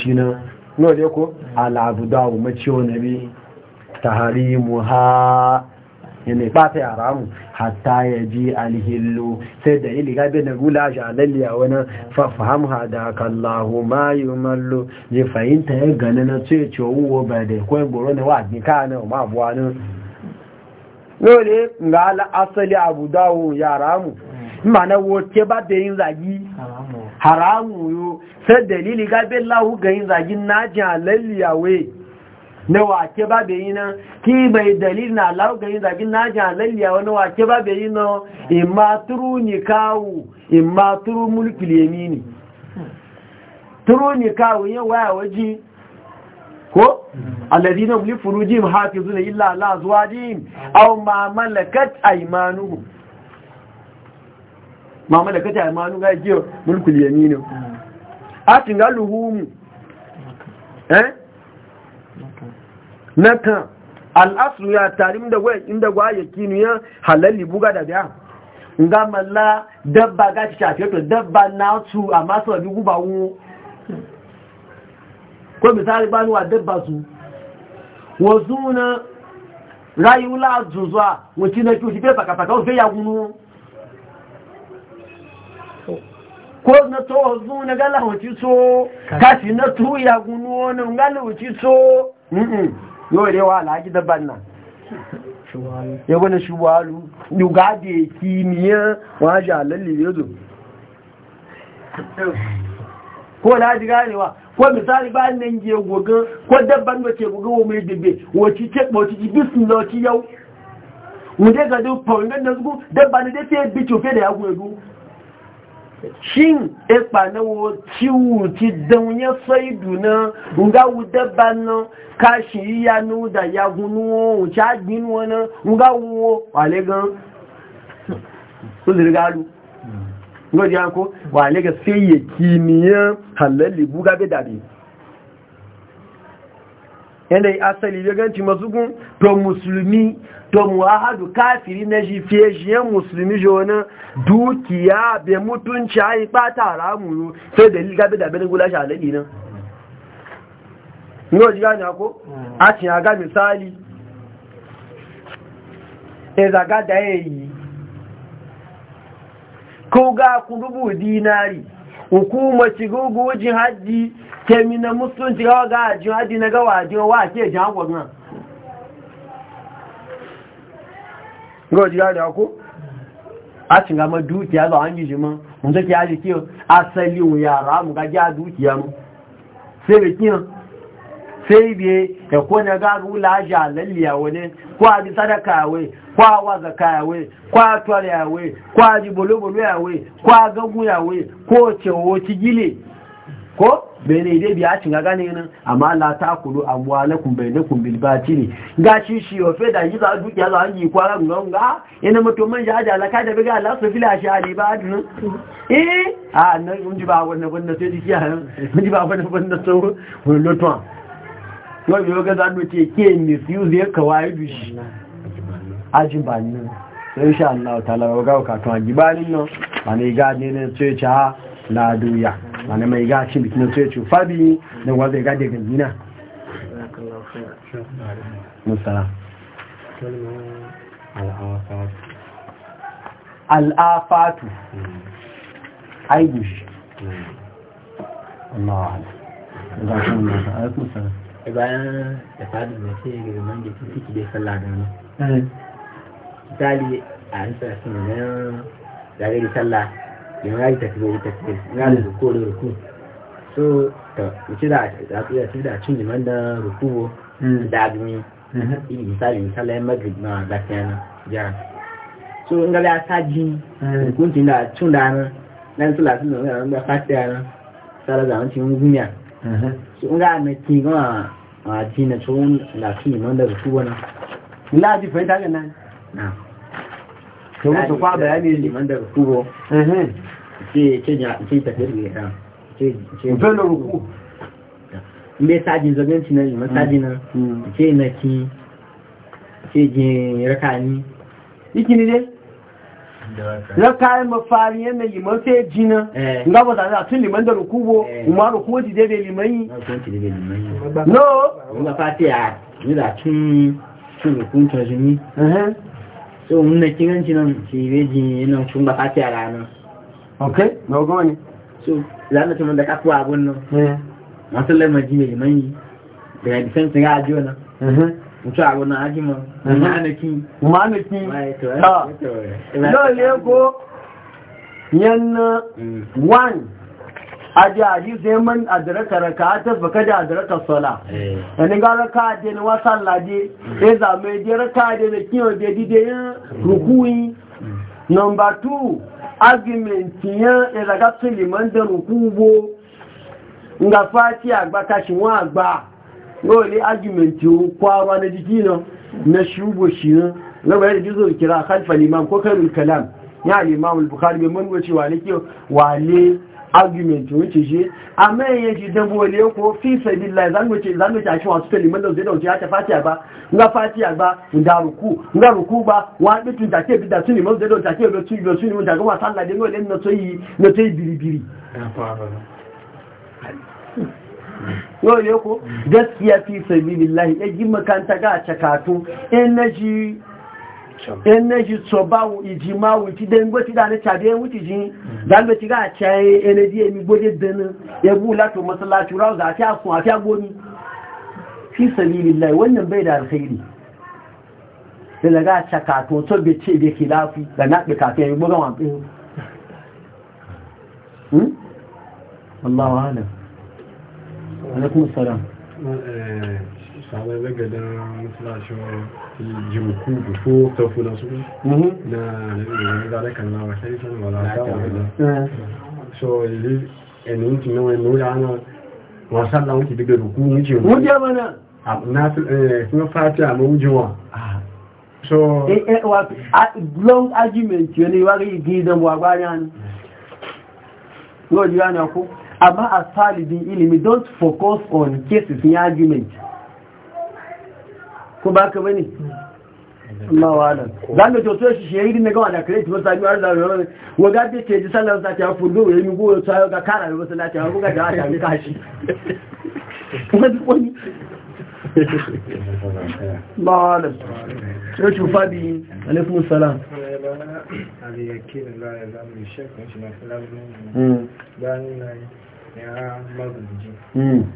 cina no le ko hmm. al abudawu maciwo nabi taharimuha yana ba ta yara mu hatta ya ji alhillu sai da ili gabe na gula shi alalliya wani fafaham hada kallahu ma yi mallu. ne fahimta ya gani na ce ce wuwa ba da kwayan goro na wa'adi ka na ma abuwa nan lori ga ala asali abu dawo ya haramu ma na wote ba da yin zagi haramu yo sai dalili gabe lahu ga yin zagi na ji alalliya wai na wake ba bai yi nan ki bai dalil na laugayin zagin na ji halalliya wani wake ba bai yi nan imma turu ni kawo imma turu lemi ne turu ni kawo yin waya waje ko na furu jim furujim zuwa illa ala jim aw ma malakat aymanuhum ma malakat aymanu ga jiyo mulkul hmm. a shiga luhumu eh na kan al'aslu ya tarim da wayan inda gwa kinu ya halalli buga da biya nga malla dabba ga ci shafe to dabba na su amma su bi guba wu ko misali ba ni wa dabba su wasu na rayu la zuzuwa wuci na kyushi fe faka wufe ya gunu ko na to wasu na gala wuci so kashi na tu ya gunu wani ngala wuci so Yau da yawa alhaji dábàn náà ya wani shubalu yuga da ya kimiyya wajen alalli ya zo ko laji ganewa ko misali ba nan je gogon ko dabban da ke gogon wa mai bebe wace ce wace ibisin na wace yau mu je ga duk faungan da zuku dabban da ta yi bicofe da ya gogo shin ekpa na wo ciwu ti dan ya saidu na nga wuda ba na kashi ya nu da ya gunu wo cha gbin wo na nga wo wale gan so le galu ngo di anko wale ga sai ye kiniya halali buga be dabi yanda asali ga ganci mazugun to musulmi to muwahadu kafiri na shi fiye shiyan musulmi jona dukiya be mutunci a yi bata ramu yi sai dalil gabi da benin gula daɗi nan yau ji gani ako a ya aga misali e zaga da ya yi ko ga ku rubu dinari hukumar shigo gojin hajji kemi na musulunci gawa ga hajji na gawa hajji wa ke jihar gwamnati gọ́ọ̀dì ọkụ ọkú a ti e ga ya dúkìá lọ an gíjì mọ́ wọ́n kí a jì kí asali wọ́n yàrá mú ga já ya mú sai bai kíyàn sai biye ya kone gagu laji a lalliyawa ne ko a ji sadaka yawai ko a waza kayawai ko a tuwar yawai ko a ji bolobolo yawai ko a gagu ko bene ne dai biya cin gane nan amma la ta kulu amwalakum bainakum bil batili ga shi o fe da yi za dukiya za an yi kwara ngonga ina mutum man ja da laka da biga Allah su fila shi ali ba dun eh a nan mun ji ba wanda wanda sai ha mun ji ba wannan wanda so wannan lotwa wai biyo ga zanu ce ke misuse ya kawai dushi ajin ba ni sai insha Allah la ga ka to ajibalin nan ba ne ga ne ce cha la duya ana mai ga shi bikin sai ce fabi da wanda ya gade gangina musala al'afatu aigushi Allah wa ala. Alaikun salam. bayan da fadi na ce girman da ciki dai sallah da nan. dali eh. a yin sarrafa da zagari sallah ìran láì tẹ̀síwò tẹ̀síwò láì rùkú orí ruku so tọ̀ ìtura ìtura da lè máa da dán hmm. da wo dáadọ́ hmm. misali ibi ìsàlẹ̀ ìsàlẹ̀ madrid náà gbàtíyànà jẹ́ra so ń gẹ́lẹ́ aṣáájú rùkú ti ń da dáná da tó láti lọ́wọ́ ẹ̀rọ ń gbà fásitì da sára àwọn ti ń gúnyà so ń gá àmì kí gan àti ìnà tó ń làkì ìmọ̀ ń dẹ̀ da wọn náà. ìlà àti fẹ́ńtà kan náà. ka mutu kwa bayani liman da rukubo ce ce tafiyar da ya ce da ruku mbe sajin zaganci na liman sajina ce na ki k'e jin rakani iki ne dai na kayan mafari yana liman sai jina eh. nga ba zane a tun liman da rukubo eh. kuma rukubo ti daidai liman yi no nga fati a yi da tun rukuntar jini so mun na kiran ci nan ci reji nan tun ba fati a rana okay na goma ne so lana tun da kafuwa abun nan eh. masu lamar ji mai da ya bisan su ga ajiyo nan mhm. mutu abu mhm. ah. na ajima mm. manaki manaki ta dole ko yanna one a aji zai man ka raka ta baka da adaraka sola wani ga raka da ni wasa laje ya zame da raka da na kiyo da didayen rukuni number 2 argument yan iraga filiman da rukubo nga fati agba kashi wọn agba yóò lé argument o kwawa na jiki na na shubo shi na lọ́gbẹ̀rẹ̀ da jizo kira kalfa liman ko karul kalam ya liman bukari mai manuwa cewa ne ke wale argument wuce shi amma yanyan shi dan bole ko fi sabilillah zan wuce zan wuce a cikin wasu kalimar da zai dauke ya ta fatiya ba nga fatiya ba nga ruku nga ruku ba wa bitu da ke bidda suni mun zai dauke ke da suni da suni mun daga wa sallah da nole na toyi na toyi biribiri nole ko gaskiya fi sabilillah ya gi makanta ga cakato in ji. in na shi so ba wu iji ma wu ti den go ti da ne chabe en wuti jin dan be ti ga cha e, ene di emi gode den e bu la to masala ti ra za ti asun ati agoni fi sabilillah wannan bai da alkhairi sai daga cha ka to to be ce be da na be ka ke gbo ga wan pe hmm Allahu alam alaikum assalam eh, sabon ragada musulashin jimku ko tafi na su mhm. na zarakan lawa sai san wala ta wala eh. so ili ẹni tí náwọn ẹni orí àwọn wọn sáàlá wọn ti dìgbẹ̀ wuce ní jẹun wọ́n jẹ́ kuma fún a àmọ́ oúnjẹ wọn so eh, eh, long argument yẹn ni wárí igi ìdánwò agbára ni lọ́jọ́ yánà kú àmá as solid ilimi don't focus on cases in argument ko ba ka bane Allah wa nan zan ga toto shi shi ne ga wala kare tuwa sai yar da wa ga da ke ji sallan sa ta fundo ya mi goyo sai ga kara ba lati ga ta mi kashi wani wani ba nan sai fadi alaikum salam ali yakin la ya zamu shekun shi na ya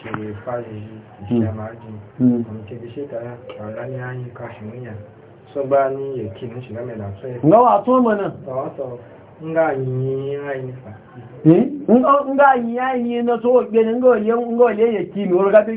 cire farashi da ma'ajin wani da shekara a ranar hanyar kashimiyya so ba ni ya ke na shiga mai lafiya ga wato mana ga wato nga yi yayi nga na so gbe nga ole nga ole ya nke mi oroga be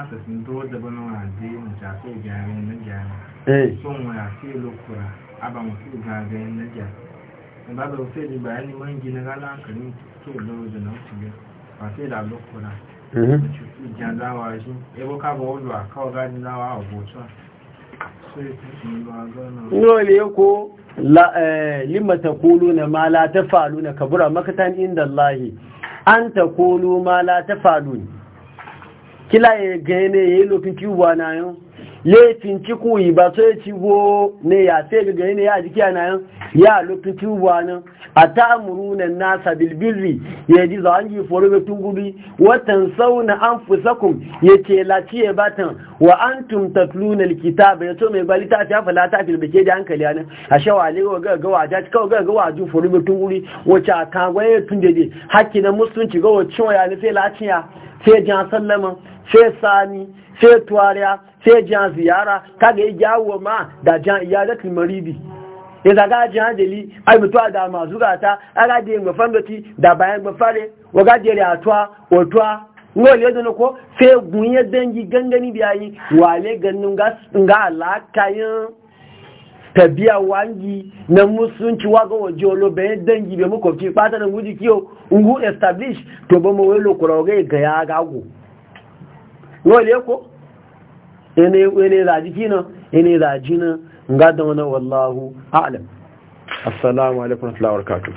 asẹ̀sìn eh. tó dẹ̀bọ̀ náà wà dé nìjà tó gàrẹ́ níjà sóhun àti ìlòkùrà abàmù tó gàrẹ́ níjà ìbábẹ̀ òfin ìgbà ẹni mọ́ ń jiná lálákàní tó lọ́wọ́ jẹ̀nà ó ti gbé pàṣẹ ìdàlókùrà ìjà dáwà ṣe ẹgbọ́ kábọ̀ olù àkáwọ̀ wa láwà ọ̀bọ̀tọ́ Nole yako eh, limata kulu na ma la ta falu na kabura makatan inda Allahi, an ta kulu ma la ta falu ne. kila ya ye ya yi lofin kiwuwa na yau laifin ciku yi ba sai wo ne ya sai ga gene ya jiki na yau ya lofin wa na a amruna amurunan nasa bilbirri ya ji za an yi foro da tunguri watan sauna ye ke ya ce e batan wa an tatluna al kitaba ya so mai balita ta ta la ta filbe ke da hankali a a shawa ne wa ga gawa ta cika ga wa ju foro da tunguri wacce a kagwaye tun da ne hakki na musulunci ga wacce wa ya ne sai ya sai jan sallama sai sani sai tuwariya sai jan ziyara ga yi gyawo ma da jan iyadatul maribi ya zaga jan jeli ai mutuwa da masu gata aga da yin fandoti da bayan gbafare waga jere a tuwa o tuwa ngol ya zana ko sai gunye dangi gangani biyayi wale ganin ga alakayin tabiya wangi na musulunci ga waje olo bayan dangi bai makwabci fata da guji kiyo ungu establish to ba mawai lokura ga ya gago wale ko ene zaji kina ene zaji na ga da wani wallahu a'lam assalamu alaikum wa rahmatullahi wa